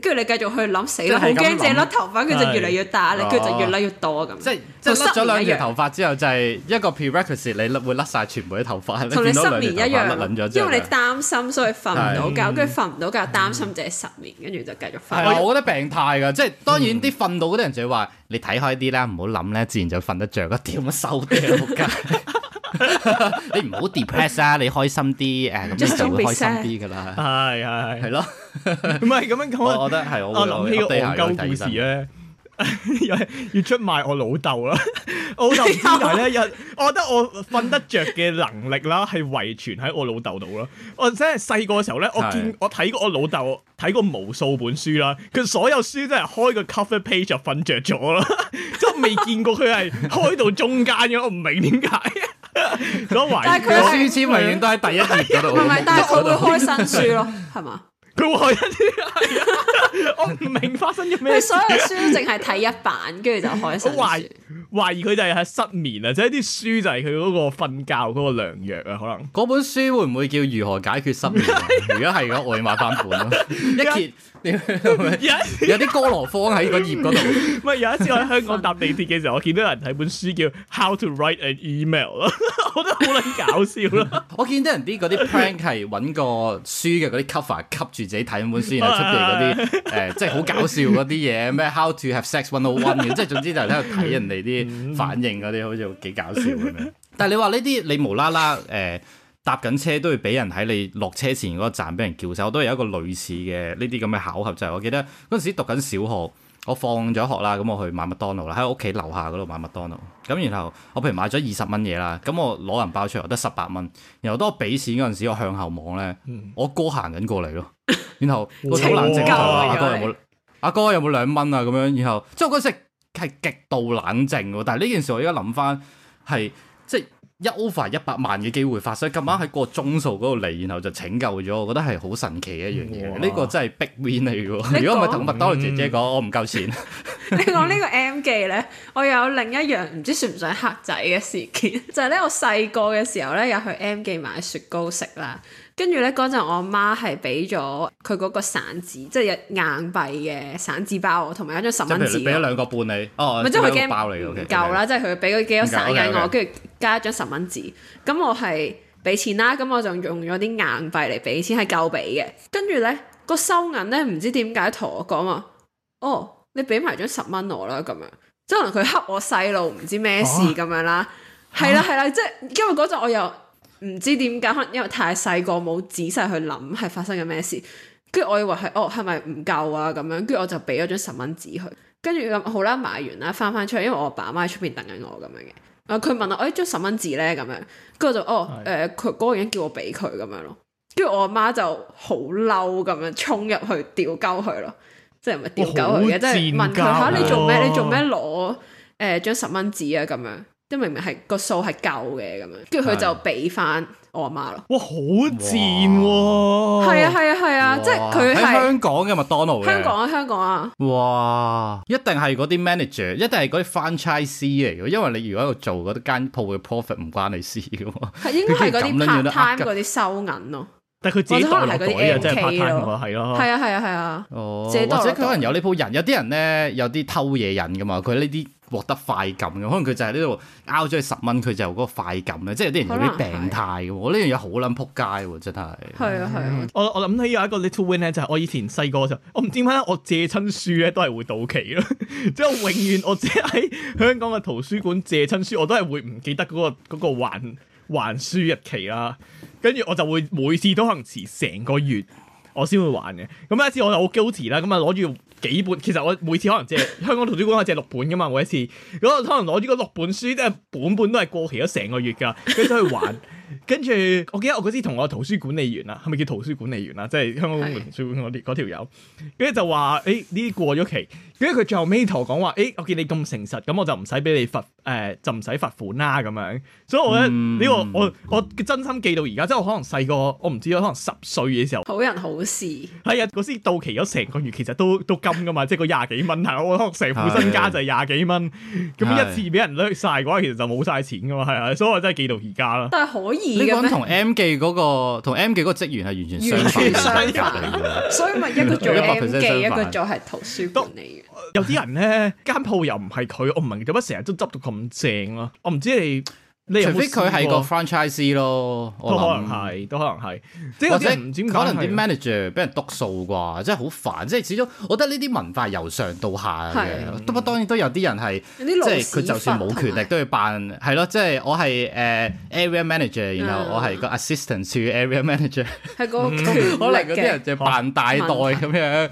跟住你繼續去諗死啦，好驚！剩甩頭髮，佢就越嚟越大，咧跟就越甩越多咁。即係就甩咗兩條頭髮之後，就係一個 p r e r a l y s i s 你甩會甩晒全部啲頭髮。同你失眠一樣，因為你擔心，所以瞓唔到覺，跟住瞓唔到覺，擔心就係失眠，跟住就繼續瞓。我覺得病態㗎，即係當然啲瞓到嗰啲人就會話：你睇開啲咧，唔好諗咧，自然就瞓得着。」一啲，收啲。你唔好 depress 啊！你開心啲，誒咁你就會開心啲噶啦。係係係咯，唔係咁樣講。我覺得係我諗呢個戇鳩故事咧，要出賣我老豆啦。我老豆之前咧，我覺得我瞓得着嘅能力啦，係遺傳喺我老豆度咯。我即係細個嘅時候咧，我見我睇過我老豆睇過無數本書啦，佢所有書都係開個 cover page 就瞓着咗咯，即係未見過佢係開到中間嘅，我唔明點解。 疑 但係佢嘅書簽永遠都喺第一頁嗰度。唔係，但係佢會開新書咯，係嘛？ 佢開一啲， 我唔明發生咗咩。佢所有書淨係睇一版，跟住就開心。我懷疑懷疑佢就係失眠啊，即係啲書就係佢嗰個瞓覺嗰個良藥啊。可能嗰本書會唔會叫如何解決失眠？如果係嘅，我會買翻本咯。一揭有啲哥羅芳喺個頁嗰度。唔係，有一次我喺香港搭地鐵嘅時候，我見到有人睇本書叫《How to Write an Email》咯，我覺得好撚搞笑咯。 我見到人啲嗰啲 prank 係搵個書嘅嗰啲 cover 吸住。自己睇本書，然後出嚟嗰啲誒，即係好搞笑嗰啲嘢，咩 《How to Have Sex 101》嘅，即係總之就係喺度睇人哋啲反應嗰啲，好似幾搞笑咁樣。 但係你話呢啲，你無啦啦誒搭緊車都要俾人喺你落車前嗰站俾人叫走，我都有一個類似嘅呢啲咁嘅巧合。就係、是、我記得嗰陣時讀緊小學。我放咗學啦，咁我去買麥當勞啦，喺屋企樓下嗰度買麥當勞。咁然後我譬如買咗二十蚊嘢啦，咁我攞銀包出嚟我得十八蚊。然後當我俾錢嗰陣時，我向後望咧，嗯、我哥行緊過嚟咯。然後我好冷靜，問阿哥有冇阿、呃啊、哥有冇、呃啊、兩蚊啊？咁樣然後，然後即係嗰時係極度冷靜喎。但係呢件事我而家諗翻係即係。一 over 一百萬嘅機會發生，以今晚喺個鐘數嗰度嚟，然後就拯救咗，我覺得係好神奇一樣嘢。呢哇個真係 big win 嚟嘅，如果唔係同麥當勞姐姐講，我唔夠錢。嗯、 你講呢個 M 記咧，我有另一樣唔知算唔算黑仔嘅事件，就係呢個細個嘅時候咧，有去 M 記買雪糕食啦。跟住咧，嗰陣我媽係俾咗佢嗰個散紙，即係硬幣嘅散紙包我，同埋一張十蚊紙。俾咗兩個半你，唔、哦、係是即係佢驚唔夠啦，即係佢俾咗幾多散銀我，跟住、okay, okay. 加一張十蚊紙。咁我係俾錢啦，咁我就用咗啲硬幣嚟俾錢，係夠俾嘅。跟住咧，個收銀咧唔知點解同我講話，哦，你俾埋張十蚊我，我、啊啊、啦，咁樣即係可能佢恰我細路，唔知咩事咁樣啦。係啦係啦，即係因為嗰陣我又。唔知點解，可能因為太細個，冇仔細去諗係發生緊咩事，跟住我以為係哦，係咪唔夠啊咁樣？跟住我就俾咗張十蚊紙佢，跟住咁好啦，買完啦，翻翻出去。因為我阿爸阿媽喺出邊等緊我咁樣嘅，啊佢問我，哎張十蚊紙咧咁樣，跟住我就哦，誒佢嗰個人叫我俾佢咁樣咯，跟住我阿媽就好嬲咁樣衝入去吊鳩佢咯，即係唔係吊鳩佢嘅，即係問佢嚇你做咩？你做咩攞誒張十蚊紙啊咁樣？即，明明係個數係夠嘅咁樣，跟住佢就俾翻我阿媽咯。哇！好賤喎！係啊係啊係啊！即係佢喺香港嘅麥當勞，香港啊香港啊！哇！一定係嗰啲 manager，一定係嗰啲 franchise 嚟嘅，因為你如果喺度做嗰間鋪嘅 profit 唔關你事嘅喎，係應該係嗰啲 part time 嗰啲收銀咯、啊。但佢自己代攞嘢，即係 part time 喎，係咯。係啊係啊係啊。哦，或者佢可能有呢鋪人，有啲人咧，有啲偷嘢人噶嘛，佢呢啲獲得快感嘅，可能佢就係呢度撓咗你十蚊，佢就有個快感，即係有啲人有啲病態嘅，我呢樣嘢好撚仆街喎，真係。係啊係。我我諗起有一個 little win 咧，就係我以前細個時候。我唔知點解我借親書咧都係會到期咯，即 係永遠我自己喺香港嘅圖書館借親書，我都係會唔記得、嗰、嗰個嗰、嗰個嗰個還還書日期啦。跟住我就會每次都可能遲成個月，我先會玩嘅。咁有一次我就好 guilty 啦，咁啊攞住，幾本其實我每次可能借 香港圖書館係借六本㗎嘛，每一次嗰個 可能攞住嗰六本書咧，本本都係過期咗成個月㗎，跟住去還，跟住 我記得我嗰時同我圖書管理員啦，係咪叫圖書管理員啦？即係香港圖書館嗰條友，跟住是就話誒呢啲過咗期，跟住佢最後尾同我講話誒、欸，我見你咁誠實，咁我就唔使俾你罰誒、呃，就唔使罰款啦咁樣。所以我咧呢、嗯呢個我我，我真心記到而家，即係我可能細個我唔知可能十歲嘅時候，好人好事係啊，嗰時到期咗成個月，其實都都。金噶嘛，即係個廿幾蚊，係我覺得成副身家就係廿幾蚊。咁一次俾人掠曬嘅話，其實就冇曬錢噶嘛，係啊，所以我真係記到而家咯。但係可以嘅咩？呢個同 M 記嗰個同 M 記嗰個職員係完全完全相反，所以咪一個做 M 記，一個做係圖書管理。有啲人咧，間鋪又唔係佢，我唔明點解成日都執到咁正咯。我唔知你。除非佢係個 franchisee 咯，我諗可能係，都可能係，或者可能啲 manager 俾人督數啩，即係好煩，即係始終我覺得呢啲文化由上到下嘅，不過當然都有啲人係，即係佢就算冇權力都要扮係咯，即係我係誒 area manager，然後我係個 assistant to area manager，係嗰可能啲人就扮大袋咁樣。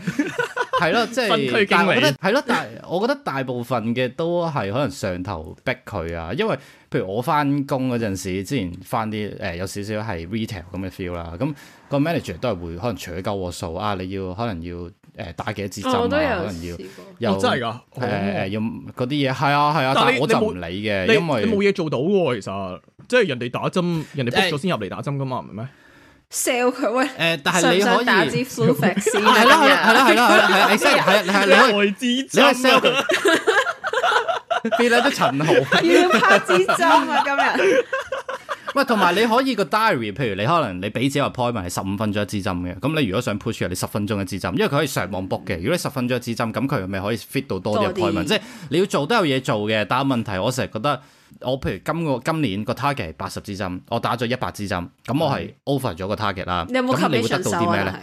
係咯，即係，分區但係我覺得係咯，大我覺得大部分嘅都係可能上頭逼佢啊，因為譬如我翻工嗰陣時，之前翻啲誒有少少係 retail 咁嘅 feel 啦，咁、嗯那個 manager 都係會可能除咗夠個數啊，你要可能要誒打幾多支針啊，可能要又真係噶誒，要嗰啲嘢係啊係啊，但係你我就唔理嘅，你因為冇嘢做到喎，其實即係人哋打針，人哋逼咗先入嚟打針噶嘛、呃，明唔明？sell 佢喂，誒，但係你可以，係咯係咯係咯係咯係，你 sell 係啊係啊，你可以，你 sell 佢變咗陳豪，要拍支針啊今日，喂，同埋你可以個 diary，譬如你可能你俾自己個 appointment 係十五分鐘一支針嘅，咁你如果想 push 入你十分鐘一支針，因為佢可以上網 book 嘅，如果你十分鐘一支針，咁佢咪可以 fit 到多啲 appointment，即係你要做都有嘢做嘅，但係問題我成日覺得。我譬如今個今年個 target 係八十支針，我打咗一百支針，咁我係 over 咗個 target 啦。咁、嗯、你會得到啲咩咧？嗯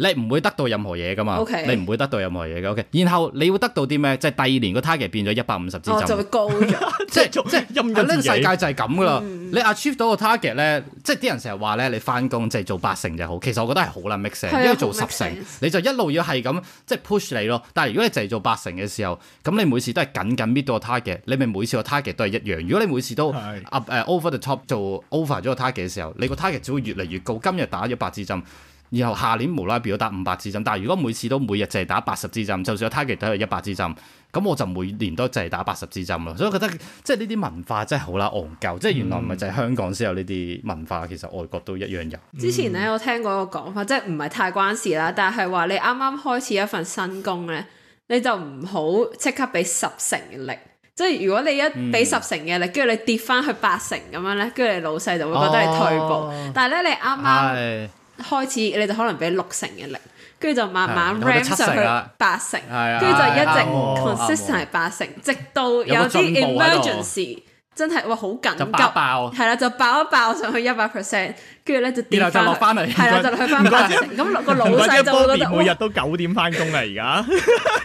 你唔會得到任何嘢噶嘛？Okay. 你唔會得到任何嘢嘅。O、okay. K.，然後你會得到啲咩？即係第二年個 target 變咗一百五十支針。哦、就會高咗。即係即係，因為呢個世界就係咁噶啦。嗯、你 achieve 到個 target 咧，即係啲人成日話咧，你翻工即係做八成就好。其實我覺得係好啦，mixing，因為做十成好你就一路要係咁即係 push 你咯。但係如果你就係做八成嘅時候，咁你每次都係緊緊 meet 到個 target，你咪每次個 target 都係一樣。如果你每次都的 uh, uh, over the top 做 over 咗個 target 嘅時候，你個 target 只會越嚟越高。今日打咗一百支針。然後下年無啦啦變咗打五百支針，但係如果每次都每日淨係打八十支針，就算 target 都係一百支針，咁我就每年都淨係打八十支針咯。所以我覺得即係呢啲文化真係好啦，憨鳩、嗯。即係原來唔係就係香港先有呢啲文化，其實外國都一樣有。之前咧我聽過一個講法，即係唔係太關事啦，但係話你啱啱開始一份新工咧，你就唔好即刻俾十成嘅力。即係如果你一俾十成嘅力，跟住、嗯、你跌翻去八成咁樣咧，跟住你老細就會覺得你退步。哦、但係咧你啱啱開始你就可能俾六成嘅力，跟住就慢慢 ram 上去八成，跟住就一直 consistent 係八成，哎、呀直到有啲 emergency 真係哇好緊急，係啦就，就爆一爆上去一百 percent。跟住咧就跌落就落翻嚟，係啦就落去翻嚟。唔怪之咁落，個老細就會覺得每日都九點翻工啦。而家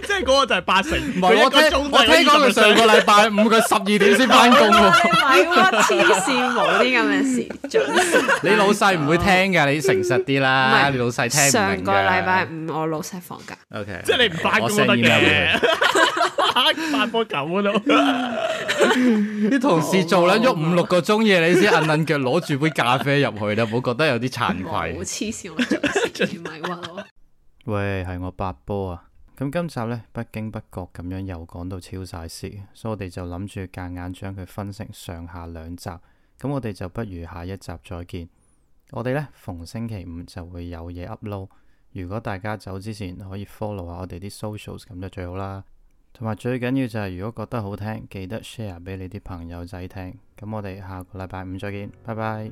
即係嗰個就係八成。唔係我聽我聽講佢上個禮拜五佢十二點先翻工喎。唔係喎，黐線冇啲咁嘅事，準時。你老細唔會聽㗎，你誠實啲啦。唔係你老細聽唔明。上個禮拜五我老細放假。OK，即係你唔翻工得嘅，八八個九嘅咯。啲同事做撚喐五六個鐘嘢，你先揞揞腳攞住杯咖啡入去咧。唔好覺得有啲慚愧，黐線我真係唔係屈我。喂，係我八波啊！咁今集呢，不經不覺咁樣又講到超晒事，所以我哋就諗住夾硬將佢分成上下兩集。咁我哋就不如下一集再見。我哋呢，逢星期五就會有嘢 upload。如果大家走之前可以 follow 下我哋啲 socials，咁就最好啦。同埋最緊要就係如果覺得好聽，記得 share 俾你啲朋友仔聽。咁我哋下個禮拜五再見，拜拜。